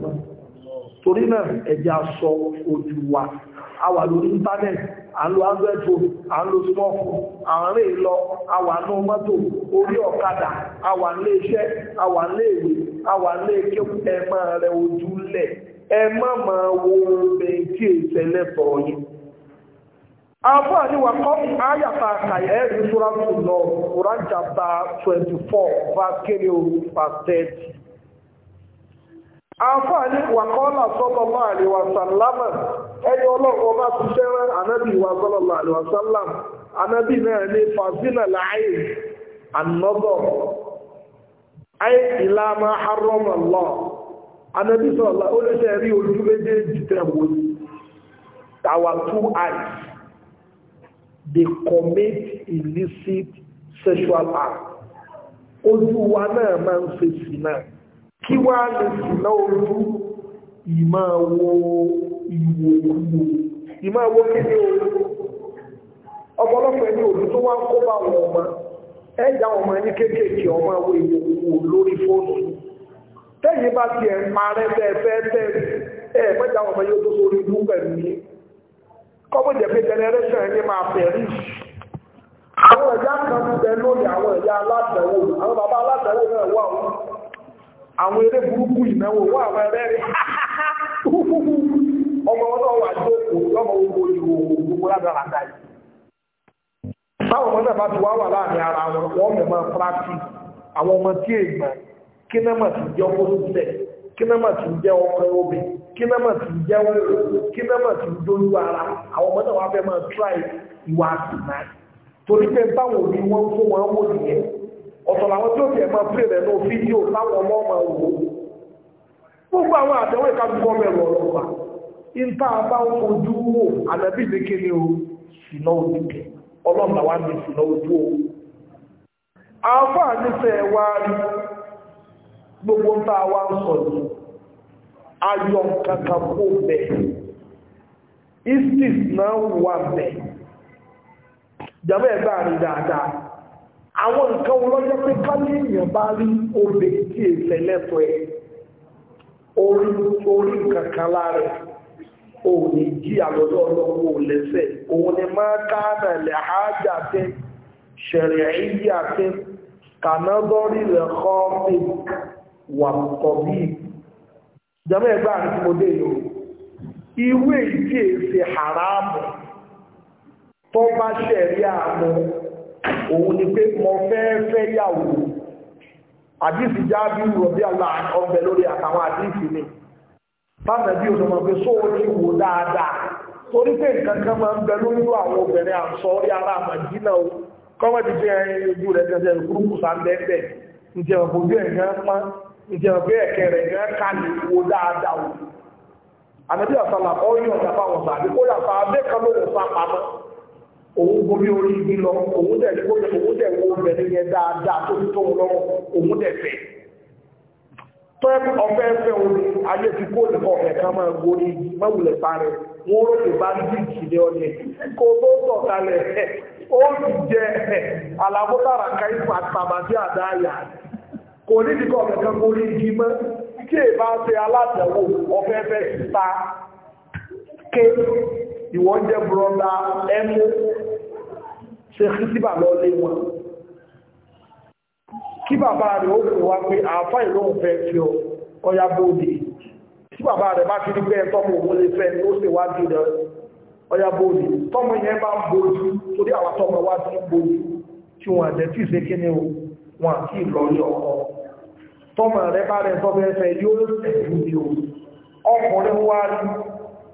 [SPEAKER 1] torí náà ẹja sọ ojú wa a wà lórí íńtánẹ̀tì à ń lo android phone ń lo smartphone à ń rè lọ a wà ní mọ́tò orí ọ̀kadà a wà nílé iṣẹ́ a wà nílé ìwé a wà nílé kí ẹ máa rẹ ojú lẹ̀ ẹ má máa wo omi tí ìṣẹ̀lẹ̀ sọ̀rọ̀ yìí afọ àníwà kọ́ ayàtà àkàyà ẹ̀rí sọ́ra tó lọ kùránjàta 24 bá kéré o pàtẹ́ẹ̀tì àǹfààní wàkọ́lá sallallahu alaihi wasallam ẹni ọlọ́run ọba ti fẹ́ràn ànábì wa sallallahu alaihi wasallam ànábì náà ní fàzínà láàyè ànọ́dọ̀ ayé ìlànà harọ́mọ̀ lọ ànábì sọ̀lá ó our two eyes dey commit illicit sexual act ojú wa náà máa ń fèsì kí wá lè ṣùlá ojú ìmọ̀ wo ìwòwò ìmọ̀ wo kéde o ọ̀pọ̀lọpọ̀ ẹni òbí tó wá ń kó bá wọn ọmọ ẹ̀dá ọmọ ẹni kéékèèké ọmọ àwọn ìwòwò lórí fóònù tẹ́yìn bá ti ẹ̀ parẹ́ tẹ́ fẹ́ pé generation ẹni máa fẹ̀rí àwọn ẹ̀yà kan ń bẹ lórí àwọn ẹ̀yà aládàáwò àwọn bàbá aládàáwò náà wà wọn àwọn eré burúkú ìnáwó wà máa lẹ́rìn ọmọ wọn náà wà jókòó lọ́mọ gbogbo ìwò gbogbo ládàrá dáì táwọn ọmọ náà bá ti wá wà láàrin ara wọn wọn mọ̀ máa pàtì àwọn ọmọ tí èèmọ̀ kí náà mà ti jẹ́ ọmọ lóṣìlẹ̀ kí náà mà ti jẹ́ ọmọ obìnrin kí náà mà ti jẹ́ ọmọ kí náà mà ti dolú ara àwọn ọmọ náà wà fẹ́ máa tíráì ìwà àtìmáì torí pé báwo ni wọ́n fún wọn wò nìyẹn ọtọla làwọn tí ó fi pè rẹ̀ fídíò ọmọ ọmọ wò gbogbo àwọn àtẹ̀wọ́ ìkàgbọ́ mẹ́rọ ọlọ́pàá ìta bá ń wò àdàbí o ìná òdìkẹ́ ọlọ́mọdà ní ojú o àáfà nífẹ̀ wá gbogbo a ń sọ yìí kankan kó istis náà wà àwọn nǹkan olóyẹ pé kálí èèyàn bá rí obè tí èsẹ̀ lẹ́tọ̀ ẹ̀ orí orí kankan lára ò ní jí àlọ́dọ́ ọlọ́wọ́ lẹ́sẹ̀ òun ni máa káàdà lè hájà tẹ́ ṣẹ̀rẹ̀ ìyá tẹ́ kànáàbọ́rí lè kọ́ pé wà kọ̀bí jẹ́mọ́ ẹgbẹ́ àti mo dé ìwé ìdí èsẹ̀ haramu tó bá ṣẹ̀rí àmú òun ni pé mọ fẹ́ fẹ́ yàwó àdìsí jábí rọ̀bí àlá ọbẹ̀ lórí àtàwọn àdìsí ni báwọn bí ọdún ọmọ pé sóò ní wò dáadáa torí pé nǹkan kan máa ń bẹ lórí àwọn obìnrin àǹsọ́rí ara àmàjínà o kọ́mọ̀dé jẹ́ ojú rẹ̀ tẹ́tẹ́ kúrúkù ǹjẹ́ ǹjẹ́ ẹ̀kẹ́ rẹ̀ wò dáadáa o àmì òun gorí orí ibi lọ òun dẹ̀ ní gbọ́dọ̀ òun dẹ̀ wo obìnrin yẹn dáadáa tó ti tó lọ́rùn òun dẹ̀ fẹ́ tọ́ẹ̀kù ọ̀fẹ́ fẹ́ omi ayé ti kó nìkan ọ̀fẹ́ kan máa gorí igi mẹ́wùlẹ̀ parẹ́ wọn ó lè bá ní ìkìlẹ̀ ọ̀nẹ́ kó tó sọ̀kalẹ̀ ó sì jẹ alábọ́tàrà káyífà tàbátí àdáyà kò ní nìkan ọ̀fẹ́ kan gorí igi mọ́ kí èèbá ṣe aládàáwò ọ̀fẹ́ fẹ́ ta ké ìwọ jẹ́ brọ́dá ẹmú ṣe kí síbà lọ lé wọn kí bàbá rẹ̀ ó pè wá pé àáfà ìlóhùn fẹ́ fi ọ ọya bóde tí bàbá rẹ̀ bá fi dípẹ́ tọ́mù òun lè fẹ́ ni ó sì wá dìde ọya bóde tọ́mù yẹn bá ń bójú torí àwọn tọ́mù wá sí bójú tí wọ́n àjẹ́ tí ìṣe kí ni o wọ́n àti ìlọ́lẹ̀ ọkọ̀ tọ́mù rẹ̀ bá rẹ̀ tọ́mù ẹ̀fẹ́ yóò ẹ̀dùn ni o ọkùnrin wá rí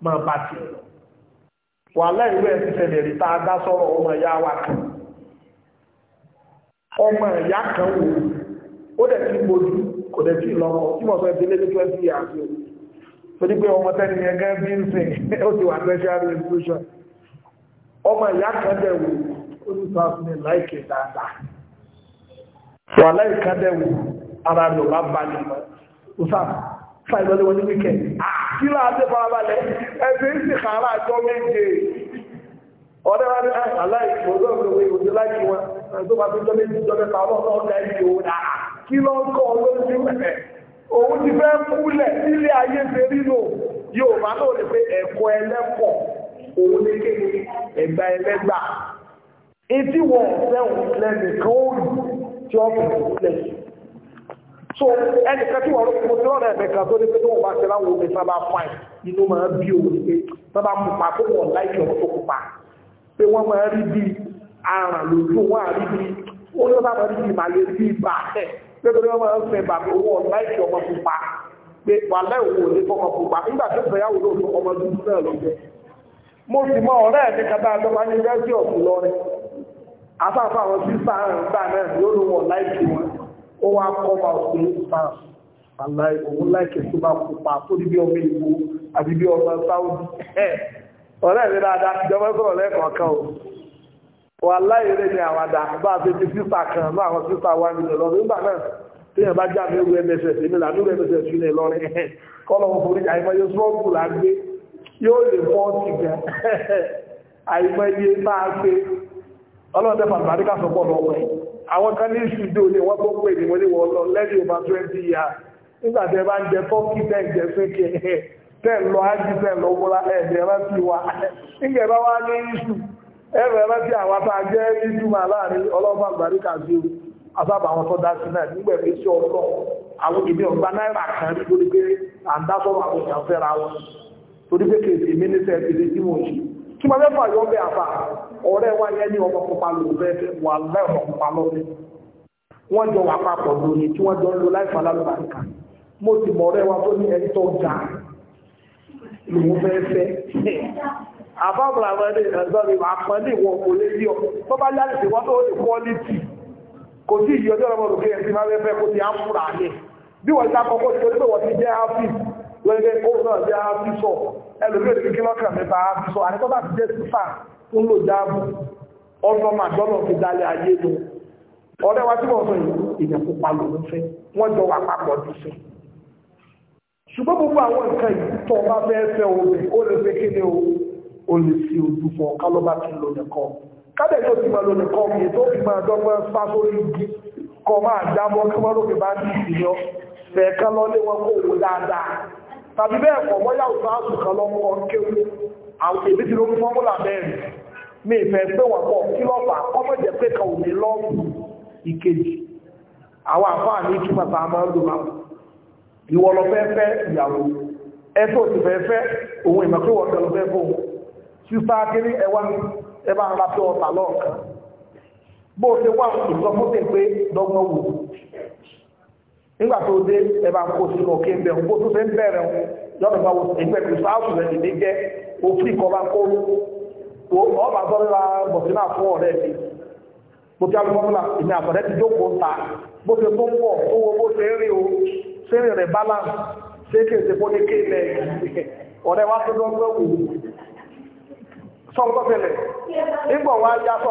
[SPEAKER 1] máa bá ti lọ wà láìwé ẹ̀sìn ṣẹlẹ̀ rí tá a dá sọ́rọ̀ ọmọ ìyá wa kan ọmọ ìyá kan wò ó dẹ̀ ti gbojú kò dẹ̀ ti lọ́kọ̀ tí mo sọ ìdílé ní twenty years o torí pé ọmọ tẹ́ni yẹn gẹ́ bí ń sìn ó ti wà fàìlọ́lé wọn ní wíkẹ̀ kílá àti farabalẹ̀ ẹgbẹ́ ìsì kààrà àjọ méje ọ̀dẹ́ ah, wọn ní aláìsí ọjọ́ ìgbòho ìwòsí láti wọn tó bá fi jọ méjì jọ mẹ́ta ọlọ́run ọ̀dà ẹ̀yìn òun dà kí ló ń kọ́ olóyún sí mẹ́ẹ̀ òun ti fẹ́ kúlẹ̀ sílé ayé ṣe rí lò yóò bá náà lè pé ẹ̀kọ́ ẹlẹ́kọ̀ òun ní kéde ẹ̀gbà ẹlẹ́gbà etí wọn fẹ́hùn lẹ́nìkan ó rí tí wọ́n fi kúlẹ̀ sí so ẹnìkan tí wọ́n rọ́ mo ti rọ́rọ̀ ẹ̀mẹ̀ kan tó ní pé tó wọ́n bá ṣe láwọn omi sábà fine inú máa bí òun ni pé sábà pupa tó wọ́n láìkí ọ̀rọ̀ tó pupa pé wọ́n máa rí bí aràn lójú wọn àrí bí ó ní sábà rí bí màlẹ́ bí ibà ẹ̀ pé tó ní wọ́n máa ń fẹ́ bàbá owó ọ̀n láìkí ọmọ pupa pé wà láìwò òní fọmọ pupa nígbà tó fẹ́yàwó lóòótọ́ ọmọ dúdú náà ló jẹ́ mo sì mọ ọ̀rẹ́ ẹ̀ nígbà tó bá ní ọ̀sùn lọ́rin afáfá àwọn sísá àrùn gbà náà ló ló wọ̀ láìkí wọn ó wá kọ́ bá òkè Ala àlàyé òun láìkè tó bá pupa tó ní bí ọmọ bí ọmọ ẹ̀ ọ̀rẹ́ dáadáa ìjọba o wà láyé ní àwàdà bá ṣe ti sísà kan na àwọn sísà wà nílẹ̀ lọ́dún nígbà náà téèyàn bá já mi ru mss kọ́lọ̀ là ń gbé yóò lè fọ́ ti gan àìmọ́ máa ọlọ́dẹ pàtàkì sọ àwọn kan ní ìṣúdó ní wọ́n tó pè ní mo wọ́n lọ lẹ́yìn over twenty years nígbà bá ń jẹ tọ́kì tẹ́ ń jẹ sékè tẹ́ ń lọ ájú tẹ́ ń lọ múra ẹ̀jẹ̀ rántí wa nígbà bá wá ní ìṣù ẹ̀rẹ̀ rántí àwọn ata jẹ́ ìṣù máa láàrin sí o asábà àwọn tó dá sí náà ọlọ́ àwọn ọgbà náírà kan nítorí kí wọ́n fẹ́ fàyọ́ bẹ́ẹ̀ àbá ọ̀rẹ́ wa yẹn ní ọmọ pupa ló bẹ́ẹ̀ fẹ́ wà láì ọmọ pupa lọ́sẹ̀ wọ́n jọ wà papọ̀ lónìí tí wọ́n jọ ń lo láìfà lálùbáríkà mo sì mọ̀ ọ̀rẹ́ wa tó ní ẹni tó ga lòun fẹ́ fẹ́ àbá àbúràmọ́ ẹni ẹ̀zọ́rí àpọ́nlé ìwọ̀n kò lé sí ọ tó bá yá lè wọ́n tó lè quality kò sí ìyí ọjọ́ ọmọ òkè ẹ̀sìn máa fẹ́ kó ti áfúrà ní bí wọ́n ti akọ́kọ́ ti pé wọ́n ti jẹ́ áfíìs wọ́n ti kó náà jẹ́ áfíìsọ̀ ẹlòmí òdìrí kí lọ́kàn mi bá sọ àníkọ́ bá ti dé sífà tó ń lò dáàbò ọmọ màdọ́lọ̀ fi dálẹ̀ ayé lọ ọ̀rẹ́ wa tí wọ́n sọ èèyàn pupa lò ń ṣùgbọ́n gbogbo àwọn nǹkan yìí tó ọba fẹ́ omi ó lè fẹ́ kí ni o ó lè fi ojú fọ kálọ́bà tí lò nìkan kádẹ̀ yóò ti máa lò nìkan omi tó fi máa dọ́gbọ́n fásórí igi kọ máa jábọ́ kí wọ́n lókè bá ti ìsìn tàbí bẹ́ẹ̀ kọ̀ wọ́yá òsáàsù kan lọ́mọ́ kéwú àwọn èdè tí ló ń fọ́múlà mẹ́rin mi ìfẹ́ pé wọ́n pọ̀ kí lọ́fà ọmọ jẹ́ pé kan ò ní lọ́ọ̀bù ìkejì àwọn àfáà ní túmọ̀ tá a máa ń lò máa ìwọ lọ fẹ́ fẹ́ ìyàwó ẹ tó ti fẹ́ fẹ́ òun ìmọ̀ pé wọ́n lọ fẹ́ fún un sísá kiri ẹwà ẹ bá ń ra pé ọ̀tà lọ́ọ̀kan bó ṣe wà ìsọfúnṣe pé dọ́gbọ́n nígbà tó dé ẹ bá kó sínú òkè ń bẹ òkú tó fẹ́ ń bẹ̀rẹ̀ wọn lọ́dọ̀ bá wọ́n ẹgbẹ́ kìrìsáàsù rẹ̀ nìdí jẹ́ òfin kọ́ bá kó ọba tó ńlá bọ̀sínà fún ọ̀rẹ́ mi mo ti àwọn ọmọlá èmi àtọ̀rẹ́ ti jókòó ta bó ṣe tó ń pọ̀ owó bó ṣe ń rí o ṣé rìn rẹ̀ balance ṣé kí n ṣe bóni kí ilẹ̀ ọ̀rẹ́ wa tó lọ́gbẹ́ wò sọ́ńtọ́fẹ̀lẹ̀ nígbà wa ya sọ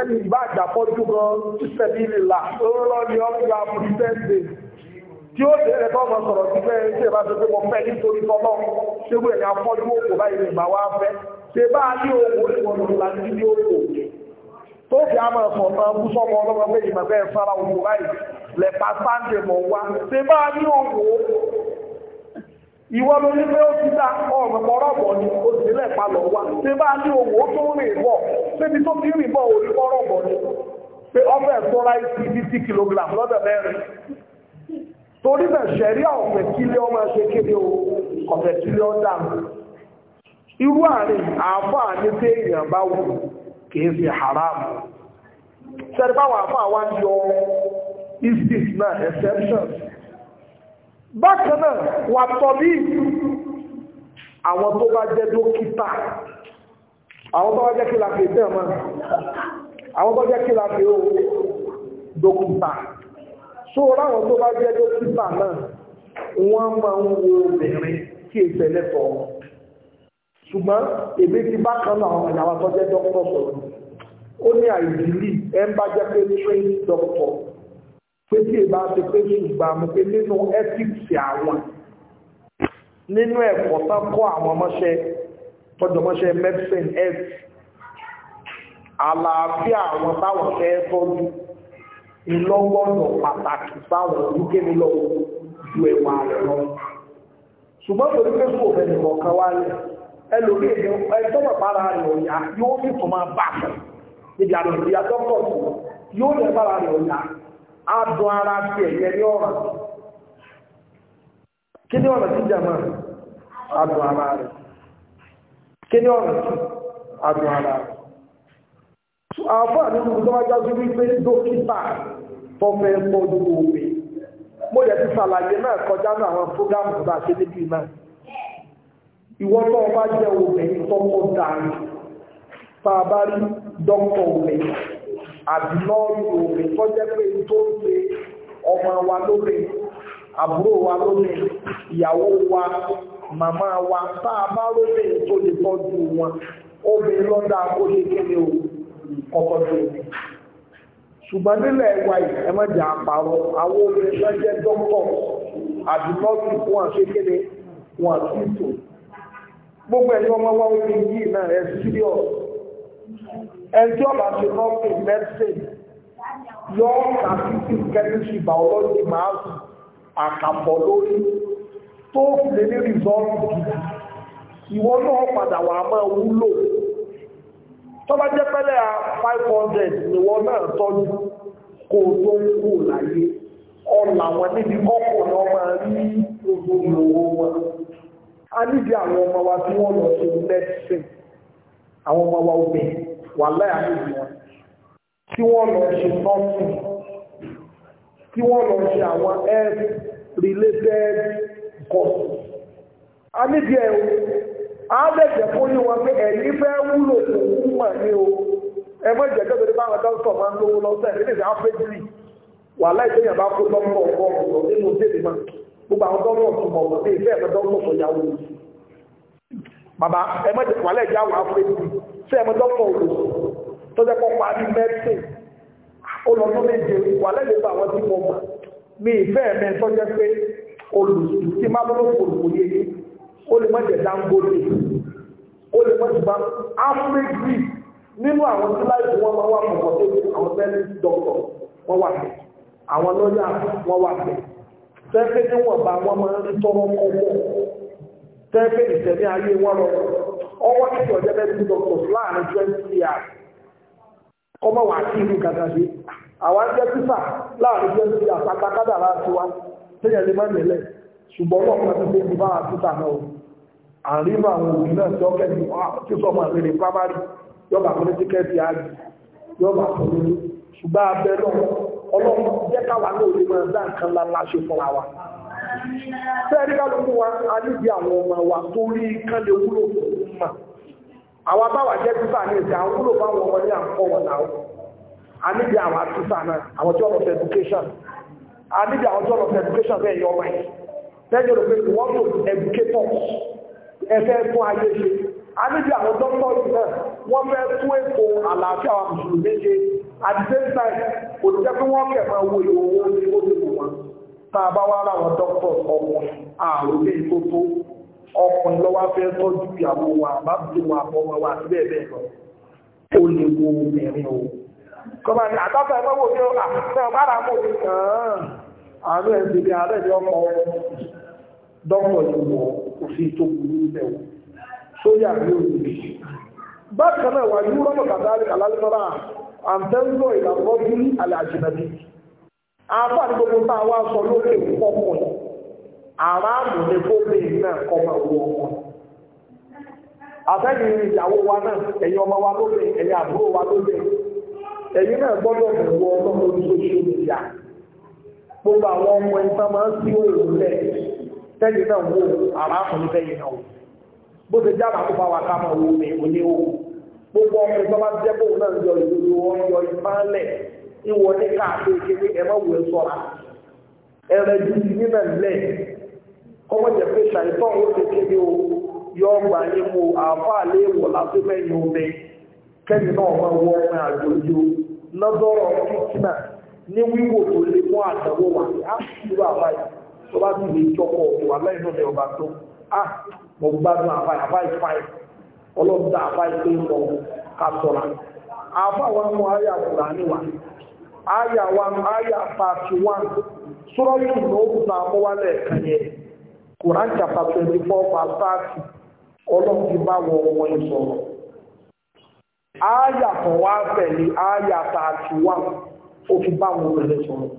[SPEAKER 1] ẹni ìbá àjàpọ̀jú gan títẹ̀bí ìlà lọ́rọ́ ni ọlọ́gbà pùtẹ́ǹdè tí ó bẹ̀rẹ̀ tó ọmọ sọ̀rọ̀ sí pé ṣe bá ṣe pé mo fẹ́ nítorí tọ́lọ́ ṣé wọ́n ẹ̀yà afọ́jú òkò báyìí lè bá wá fẹ́ ṣe bá ní òkò ìwọ̀n ló la ní ní òkò tó fi ìwọ ló ní pé ó ti dá ọ̀rọ̀ pọ̀rọ̀bọ̀ ni ó sì lẹ̀ palọ̀ wá ṣé bá ní owó tó rìn bọ̀ ṣébi tó fi rìn bọ̀ orí pọ̀rọ̀bọ̀ ni pé ọbẹ̀ tó ráìsì fifty kilogram lọ́dọ̀ mẹ́rin torí bẹ̀ ṣẹ̀rí ọ̀fẹ́ kílé ọmọ ẹṣẹ́ kéde o ọ̀fẹ́ kílé ọ̀dà irú àárín àáfà ní pé èèyàn bá wù kìí fi haram ṣẹ́rí báwọn àáfà wá ń yọ istis náà exceptions bákan náà wà tọ́bí àwọn tó bá jẹ́ dókítà àwọn tó bá jẹ́ kílàfẹ́ tẹ́ ọmọ àwọn tó jẹ́ kílàfẹ́ ó dókítà so ráwọn tó bá jẹ́ dókítà náà wọ́n máa ń wo obìnrin kí èsẹ̀ lẹ́tọ̀ọ́ ṣùgbọ́n èmi ti bákan náà àwọn ìyàwó tó jẹ́ dókítà sọ̀rọ̀ ó ní àìdílì ẹ̀ ń bá jẹ́ pé trained doctor pé tí èbá ti pé ṣùgbọ́n mo pé nínú ẹ́tíìsì àwọn nínú ẹ̀kọ́ tá kọ́ àwọn ọmọṣẹ́ tọ́jọmọṣẹ́ medicine health àlàáfíà àwọn táwọn fẹ́ tọ́jú ìlọ́wọ́nà pàtàkì táwọn olùkéni lọ́wọ́ ju ẹ̀wà rẹ̀ lọ. ṣùgbọ́n torí pé kò fẹ́ nìkan kan wálé ẹlòmíì ẹjọ́ pàpàrà rẹ̀ ọ̀yà yóò sì tún máa bàtà níbi àdòdì àdókòtò yóò lẹ́ pàrà rẹ̀ ọ̀yà adùn ara tiẹ̀ yẹ ní ọ̀rọ̀ kí ni ọ̀rọ̀ sí adùn ara rẹ̀ kí ni ọ̀rọ̀ sí adùn ara rẹ̀ ní gbogbo tó wájá sí wípé dókítà fọ́fẹ́ omi mo ti ṣàlàyé náà kọjá ní àwọn fúgámù tó bá ṣe níbi náà tó o jẹ́ obìnrin tó kọ́ àbí lọ́ọ̀rù tó jẹ́ pé tó ń pe ọmọ wa lómi àbúrò wa lómi ìyàwó wa màmá wa tá a bá lómi tó lè tọ́jú wọn obìnrin lọ́dà o kọ́kọ́ ṣùgbọ́n nílẹ̀ ẹ̀wà yìí àpàrọ̀ àwọn gbogbo ẹ̀yọ́ ọmọ wa yìí náà ẹ̀ ẹjọ́ láti rọ́ọ̀kì mẹ́sìn yọ kàfíìsì kẹ́mísì bàọ́lọ́jì máa ń àkàpọ̀ lórí tó fi ní rìsọ́ọ̀tì ìwọ náà padà wà máa wúlò tó bá jẹ́ pẹ́lẹ́ à 500 níwọ náà tọ́jú kó tó ń kú láyé ọ̀là wọn níbi kọ́kọ̀ náà máa rí gbogbo ìrọ̀wọ́ wọn a níbi àwọn ọmọ wa tí wọ́n lọ sí mẹ́sìn àwọn ọmọ wa obẹ̀ wà láyà ní ìlú wọn tí wọ́n lọ ṣe nọ́ọ̀sì tí wọ́n lọ ṣe àwọn health related courses. a níbi ẹ̀ o a bẹ̀jẹ̀ fún yín wọn pé ẹ̀yin fẹ́ wúlò fún mà ní o ẹ mọ̀ ìjẹ́ kẹ́kẹ́ tó báwọn dókítà máa ń lówó lọ́sẹ̀ nílẹ̀ ní áfíríkì wà láì tẹ́yìn bá kó dọ́kítà ọgọ́rùn-ún nínú tèmi máa gbogbo àwọn dókítà tó mọ̀ wọ́n bàbá ẹmọ́jẹ̀ wàlẹ̀ ìjà wà fún èdè tí ẹmọ́ dọ́kọ̀ òwò tó jẹ́ kọ́ parí mẹ́tì olọ́dún méje wàlẹ̀ lè bá àwọn tí mo mọ̀ mi ìfẹ́ ẹ̀mẹ́ tó jẹ́ pé olùsù tí má bọ́ lọ́pọ̀ òye ó lè mọ́jẹ̀ Dangote ó lè mọ́jẹ̀ bá áfíríkì nínú àwọn tí láìpẹ́ wọn máa wà pọ̀pọ̀ tó ní àwọn sẹ́ni dọ́kọ̀ wọn wà pẹ̀ àwọn lọ́yà wọn wà pẹ̀ sẹ́ńpẹ́ tí wọ́n bá wọn máa ń tọrọ tẹ́ẹ̀kẹ́ ìṣẹ̀lẹ̀ ayé wọn lọ ọwọ́ tí ọjọ́ bẹ́ẹ̀ ti láàrin twenty years ọmọ wa kí ìlú kàkà sí àwọn jẹ́ sísà láàrin twenty years àtàkádà láti wá tẹ́yẹ̀ lè má nílẹ̀ ṣùgbọ́n wọn kàn ti fi bá sísà náà o àrínú àwọn òbí náà tí yọba tíkẹ́ẹ̀tì àjù yọba ṣùgbọ́n abẹ́ náà ọlọ́run jẹ́ káwa náà Sẹ́ẹ̀rí kálukú wa, a níbi àwọn ọmọ wa torí kán lè wúlò fún mà. Àwọn abáwà jẹ́ tífà ní ìsìn, àwọn wúlò fún àwọn ọmọ ní àǹkọ́ wọn náà. A níbi àwọn àtúfà náà, àwọn tí wọ́n fẹ́ education. A níbi àwọn tí wọ́n fẹ́ education bẹ́ẹ̀ yọ ọmọ yìí. Lẹ́yìn rẹ̀ pé you want to educate us, ẹ fẹ́ fún ayé ṣe. A níbi àwọn dọ́kítọ́ọ̀tì náà, wọ́n fẹ́ tún ètò àlàáfíà wa mùsùlùmí ṣe. At the same time, òṣìṣẹ́ pé wọ́n kẹ̀ máa wo tá a bá wá ráwọn dọ́kítọ̀ ọkùnrin àròlé tó tó ọkùnrin lọ́wọ́ fẹ́ tọ́jú ìyàwó wa bábùdó wa ọmọ wa àti bẹ́ẹ̀ bẹ́ẹ̀ lọ ó lè wo obìnrin o kọ́mọ ní àtàkùn ẹgbẹ́ wo ni ó là fẹ́ ọba rà mọ́ òun kàn án àánú ẹ̀ ń bèbè àárẹ̀ ní ọmọ dọ́kítọ̀ yìí wọ òfin tó burú bẹ̀ wọ sórí àbí òbí bákan náà wà ní rọ́mọ̀ kàtàlì kàlálẹ́ àáfà ní gbogbo tá a wá sọ lókè fọ́pọ̀ yìí ni ní gbogbo náà kọ́ máa wọ ọmọ àtẹ́yìn ìyàwó wa náà ẹ̀yin ọmọ wa lóde ẹ̀yin àbúrò wa lóde ẹ̀yin náà gbọ́dọ̀ wọ ọlọ́mọ oníṣòṣò nìyà gbogbo àwọn ọmọ ẹ̀ńtá máa ń sí òòrùn lẹ̀ tẹ́yìn náà wò àràmù ní tẹ́yìn náà bó ti jáde àkópa wa ká máa wo omi gbogbo ọmọ ẹ̀ńtá bá jẹ́ ìwọ ní káàkiri kiri ẹ má wọ sọra ẹrẹ didi nínà lẹ kọ́mọ jẹ pé ṣàìtọ́ ti kéde o yọ mu lé wọ̀ omi kẹ́mi náà máa wọ ọmọ àjòjò ní wíwò tó mú àtẹ̀wò wà ní àṣìṣúrò ah, àbáyé tó bá ti lè wà lẹ́yìn náà ní ọba tó à ah, mo gbádùn àbáyé àbáyé ọlọ́dún àbáyé ń ká ayé aya one aya thirty one sọ́rọ́tù lóòrù náà mú wálẹ̀ ẹ̀kan yẹn Quran chapter twenty four verse thirty ọlọ́run ti bá wọ ọmọ yẹn sọ̀rọ̀ aya kan wá tẹ̀lé aya thirty one ó fi bá wọn obìnrin sọ̀rọ̀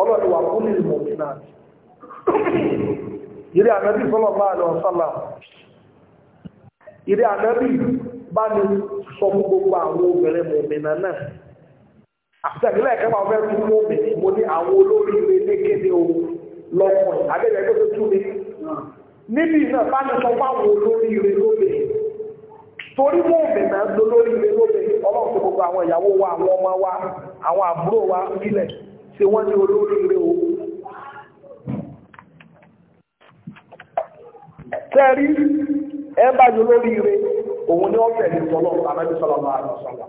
[SPEAKER 1] ọlọ́run wà fún ìlú mọ̀mínà ìrẹ́ ànábì sọ́lọ̀ bá àlọ́ sálà ìrẹ́ ànábì bá ní sọ fún gbogbo àwọn obìnrin mọ̀mínà náà. àtẹ̀lẹ́ ẹ̀kẹ́ máa fẹ́ tún mú mi mo ní àwọn olórí ilé lékele o lọ́kùnrin àbẹ̀rẹ̀ tó tó tún mi níbi náà bá ní sọ fáwọn olórí ilé lóde torí mú mi náà lólórí ilé lóde ọlọ́run tó gbogbo àwọn ìyàwó wa àwọn ọmọ wa àwọn àbúrò wa wọ́n o tẹ́rí ẹ bá ilé òun ni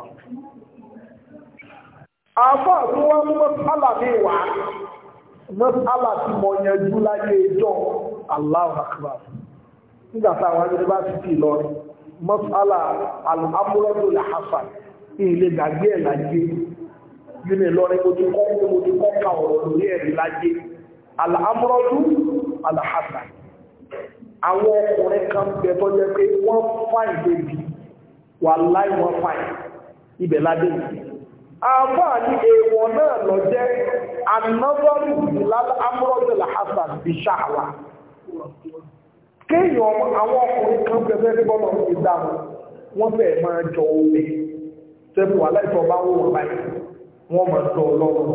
[SPEAKER 1] àfọ́ àti wọ́n mú mọ́sálà mi wá mọ́sálà tí mo yanjú láyé ìjọ Allahu Akbar nígbà táwọn yunifásitì lọ mọ́sálà alámúlọ́dún làhásán ilé gbàgbé ẹ̀ láyé yúni lọ́rin mo ti kọ́ mo ti kọ́ ka ọ̀rọ̀ lórí ẹ̀rí láyé alámúlọ́dún alhassan àwọn ọkùnrin kan bẹ tó jẹ́ pé wọ́n fáìn débi wà láì wọ́n fáìn ibẹ̀ ládé yìí àbá ní èèwọ̀ náà lọ jẹ́ anọ́bọ̀rì ìlànà amúrọ̀dọ̀là hasan bí ṣáàlà
[SPEAKER 2] kéèyàn àwọn ọkùnrin kan
[SPEAKER 1] bẹ̀rẹ̀ ní bọ́lá ti dá wọn bẹ̀rẹ̀ máa jọ omi tẹ́bù aláìsàn bá wò láì wọ́n máa jọ ọlọ́run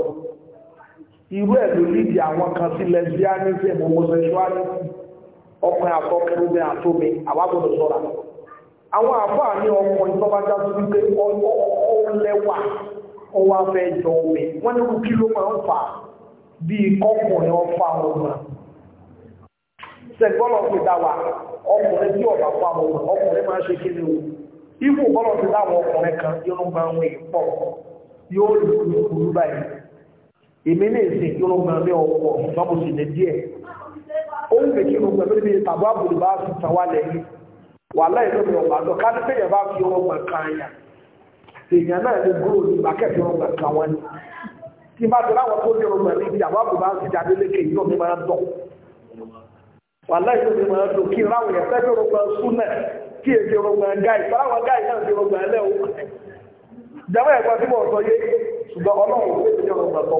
[SPEAKER 1] irú ẹ̀ ló lídìí àwọn kan sí lesbianism homosexuality àbá ní ọkùnrin tó bá já ọwọ́ afẹ́ jọ omi wọ́n ní kí ló máa ń fà bíi kọkùnrin ọfà ọmọ sẹgbọlọ ti dá wa ọkùnrin tí ọba fà ọmọ ọkùnrin máa ṣe kí ni o ibù bọlọ ti dá àwọn ọkùnrin kan yóò máa ń wé pọ yóò lù ú kúrú báyìí èmi náà sì yóò máa ní ọkọ ṣùgbọ́n mo sì ní díẹ̀ ó ń fèkí ló pẹ̀lú ní tàbá àbùdó bá ti tàwa lẹ́yìn wàhálà ìlú mi ọ̀gbà èèyàn náà lè gbóò ní bàkẹ́tì ọgbà kan wọn ni kí n bá tẹ láwọn tó jẹ ọgbà níbi àwọn àbùbá ti jáde lékè yìí náà mi máa ń dọ̀ wà láì tó mi máa ń dọ̀ kí n ráwọn yẹn fẹ́ jẹ ọgbà súnẹ̀ kí èsì ọgbà gáì fọláwọn gáì náà ti ọgbà ẹlẹ́ o jẹ́wọ́ ẹ̀kọ́ tí mo sọ yé ṣùgbọ́n ọlọ́run tó ti jẹ ọgbà tó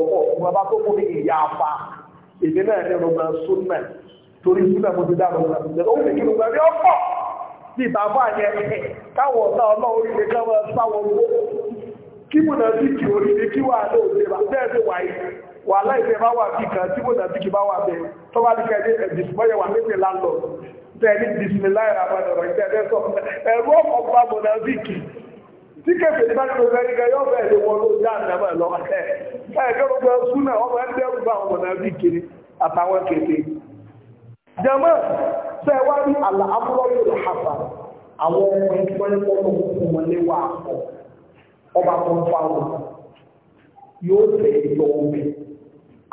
[SPEAKER 1] pọ̀ wọn bí bàbá yẹn káwọ̀ ọ̀tá ọlọ́run oríire káwọ̀ sáwọ̀ owó kí múnà sí kí oríire kí wà ní òde bẹ́ẹ̀ wà láìpẹ́ bá wà bí kan tí múnà sí kí bá wà bẹ́ẹ̀ tó bá dìkẹ́ ní bá ní bá ní bẹ̀rẹ̀ lè ló já àdámà lọ́wọ́ ẹ̀ ẹ̀ẹ́dẹ́gbẹ́ súnà ọmọ ẹgbẹ́ ọgbà ọmọ náà bí kiri àtàwọn kẹfẹ́ jẹ́mọ́ tẹ́ wá ní àlàáfúrọ́yò làhàfà àwọn ọmọ ẹgbẹ́ ọmọ òkun wọn lé wà pọ̀ ọba kan fáwọn yóò tẹ̀ ìjọ omi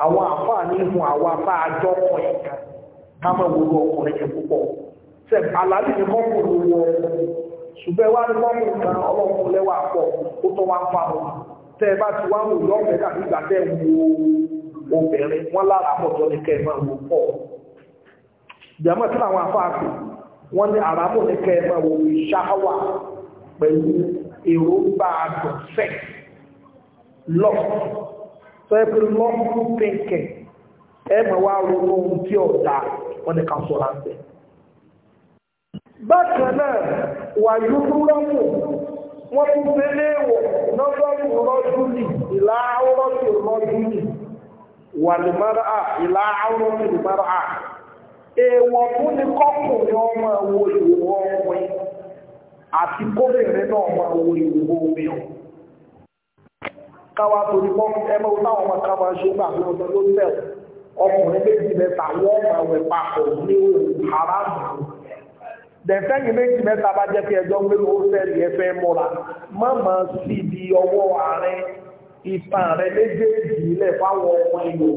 [SPEAKER 1] àwọn àfáà ní ìhun àwọn afá àjọ ọkọ̀ ẹ̀ka ká mọ̀ wúlò ọkùnrin yẹn púpọ̀ tẹ́ àlàáfì ní kọ́kù ló wọ ṣùgbẹ́ wá ní kọ́kù kan ọlọ́kùn lẹ́wà pọ̀ ó tọ́ wá fáwọn tẹ́ bá ti wá wò lọ́ọ̀fẹ́ kàbí ìgbà tẹ́ wo obìnrin wọn lára pọ̀ tó ní kẹ́ ẹ̀ jàmọ́ tí àwọn afáàkù wọ́n ní àràmù ní kẹ́ẹ̀mọ́ wò ní ṣáháwà pẹ̀lú èròǹgbà àdùn sex love so ẹ pé lọ́mú thinking ẹ mọ̀ wá ronú ohun tí ọ̀dà wọ́n ní ká sọ láǹtẹ̀. bákan náà wàyú rọ́mù wọ́n tún délé wọ̀ nọ́bọ̀mù rọ́júlì ìlà áwọ́rọ́jù rọ́júlì wàlùmọ́rà ìlà áwọ́rọ́jù rọ́júlì èèwọ̀ fún ni kọ́pù ni wọ́n máa wo ìwò ọkùnrin àti kóbìnrin náà máa wo ìwò obìnrin káwa torí pọ́ ẹgbẹ́ wọn táwọn ọmọ káwa ṣe gbà bí wọn ló tẹ̀ ọkùnrin méjì mẹ́ta wọ́n máa wẹ̀ papọ̀ ní òòrùn haramu dẹ̀fẹ́yìn méjì mẹ́ta bá jẹ́ pé ẹjọ́ pé ó sẹ́rì ẹfẹ́ múra má máa síbi ọwọ́ àárín ìtàn rẹ̀ méjèèjì ilẹ̀ fáwọn ọmọ ìlú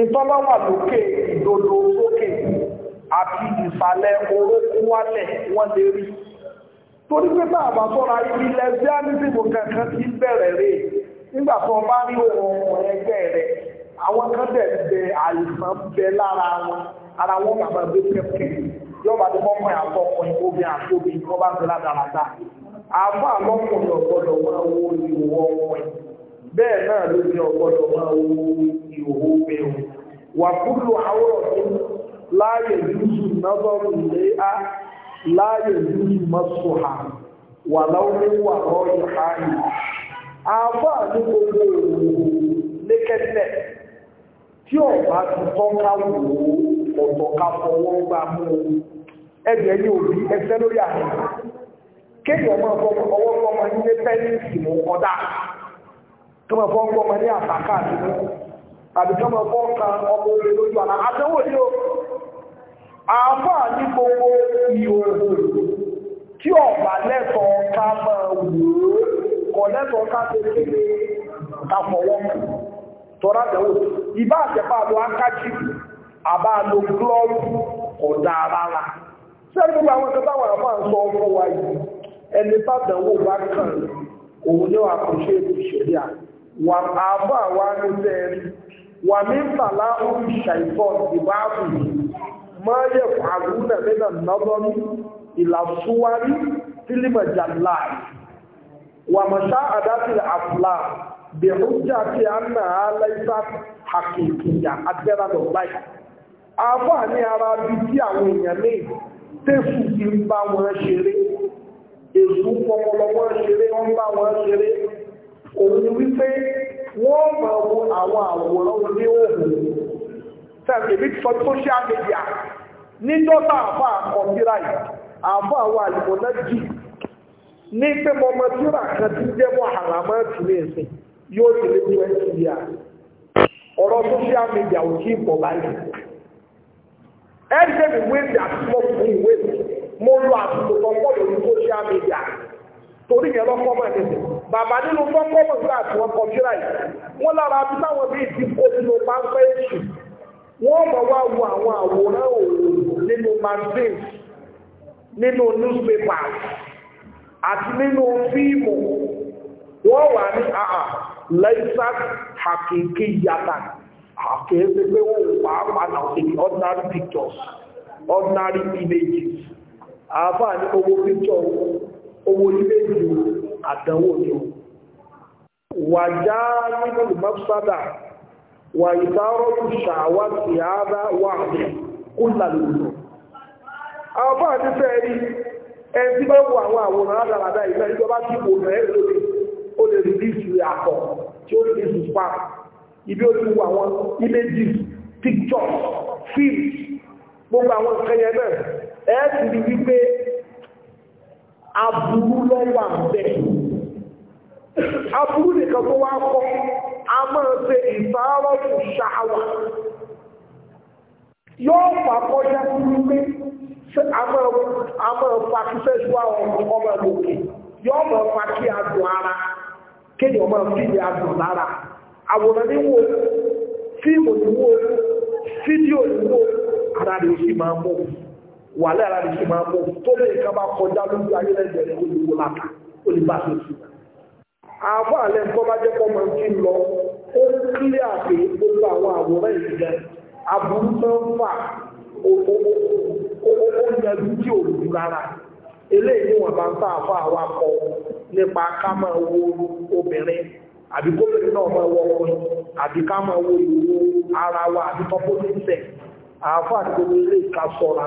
[SPEAKER 1] ìtọ́lọ́wà lókè ìdodo sókè àti ìsàlẹ̀ orókún wálẹ̀ wọ́n lè rí torí pé bá àbá sọ́ra ibi lẹ́síánìsìmù kankan ti bẹ̀rẹ̀ rè nígbà tó bá rí ohun ọ̀rọ̀ ẹgbẹ́ rẹ̀ àwọn kan dẹ̀ bẹ àìsàn bẹ lára wọn ara wọn bàbá gbé kẹ̀kẹ́ yọba tó mọ́ ọmọya tọkùn ìkóbi àtòbí kọ́ bá ń bẹ ládàradà àbá àlọ́kùnrin ọ̀gbọ́dọ̀ wọn wo ìwọ ọmọ ẹ̀ bẹ́ẹ̀ náà ló ní ọgbọ́dọ̀ máa wo ìhòhò pé o wà kúrò àwòrán tó láàyè júùsù nọ́bọ̀rù ilé á láàyè júùsù mọ́sùhà wà láwọn wà lọ́yọ̀ áyì àbá ní gbogbo ìhòhò lékẹ́tẹ̀ tí ọ̀bá ti tọ́ka wò ó ọ̀tọ̀ka tó mọ̀ fọ́n gbọ́mọ ní àbáká àti mú àbí tó mọ̀ fọ́n ka ọmọ olè lójú àná àtẹ́wò ní o àfà ní gbogbo ìhòòhò tí ọ̀bà lẹ́tọ̀ọ́ ká máa wò ó kọ̀ lẹ́tọ̀ọ́ ká ṣe kéde ká fọwọ́ tọ́ra tẹ̀wò ìbá àtẹ̀pá lo ákájì àbá lo glọ́ọ̀bù ọ̀dà rárá sẹ́ni gbogbo àwọn ẹ̀kọ́ táwọn àmọ́ àǹsọ ọmọ wa yìí ẹni bá dánwò bá kàn òun ní àkùnṣe ìṣẹ̀lẹ̀ àti wà àbá wa ní sẹ́ẹ̀rì wà ní tàlá òun ṣàìfọ́ ìbáàbù máa yẹ fàágùn nàbẹ́nà nọ́dọ́nù ìlàsúwárí tìlìmọ̀jàlá wà mọ̀ṣá àdáṣe àfúlà bẹ̀rùjà tí a nà á lẹ́sà àkìkìyà agbẹ́rànlọ́ báyìí àbá ní ara bí tí àwọn èèyàn ní tẹ́sù ti ń bá wọn ṣeré èsù pọpọlọ wọn ṣeré wọn bá wọn ṣeré òun ni wípé wọ́n máa wo àwọn àwòrán oní òògùn tàbí social media níjọba àfa àkọsíra yìí àfa àwọn àlùmọ́nà jì ní pé mọ́mọ́ kan ti jẹ́ mọ́ àràmọ́ tìlẹ̀ ẹ̀sìn yóò ti lé ní ẹ̀sìn yìí à ọ̀rọ̀ social media ò tí pọ̀ báyìí ẹ̀ẹ́dẹ́gbẹ̀wé ìdásímọ̀ fún ìwé torí yẹn lọ fọ́mọ̀ ẹ̀dẹ̀dẹ̀ bàbá nínú fọ́mọ̀ gbà tí wọ́n kọ síra yìí wọ́n lára bí táwọn bíi ti kó sínú pápẹ́ èṣù wọ́n mọ̀ wá wo àwọn àwòrán òòrùn nínú magazines nínú newspapers àti nínú fíìmù wọ́n wà ní àà lẹ́sà àkèké yàtà àkèké pé wọ́n pàápàá náà ṣe ordinary pictures ordinary images àbá ní owó picture owó ilé ju àdánwò ni o wàjá nínú ìmọ̀sádà wà ìdárọ́tù ṣàwá ti ara wà kó lálùlù àwọn bá ti fẹ́ rí ẹni tí bá wo àwọn àwòrán àdàlàdà ìgbà ìjọba tí kò mẹ́rin lórí o lè rí bíìsì àpọ̀ tí ó lè rí sùpá ibi ó ti wo àwọn wípé aburú lọ́wọ́ àbẹ́ aburú nìkan tó wá kọ́ a máa ṣe ìfàárọ̀tù ṣáwà yóò fà kọjá sí pé a máa fa kí fẹ́ṣúwà ọmọ lòkè yóò máa fa kí adùn ara kéèyàn máa fìdí adùn lára àwòrán níwò fíìmù níwò fídíò ara rẹ̀ wà lára rẹ̀ ṣe máa mú tó lè ká bá kọjá lójú ayé lẹ́gbẹ̀ẹ́ rẹ̀ lójú wo láta ó lè bá ṣe sí. àbá àlẹ́ nǹkan bá jẹ́ kọ́ máa ń kí lọ ó kílẹ̀ àpè gbogbo àwọn àwòrán ìjẹ aburú tó ń fà ó yanjú tí ò lù rárá eléyìí ni wọn bá ń fàáfà wa kọ nípa ká máa wo obìnrin àbí gómìnà náà máa wọ ọkùnrin àbí ká máa wo ìwò ara wa àbí tọpọ ní ìfẹ́ àáfà àti gbogbo ilé ìka ṣọ́ra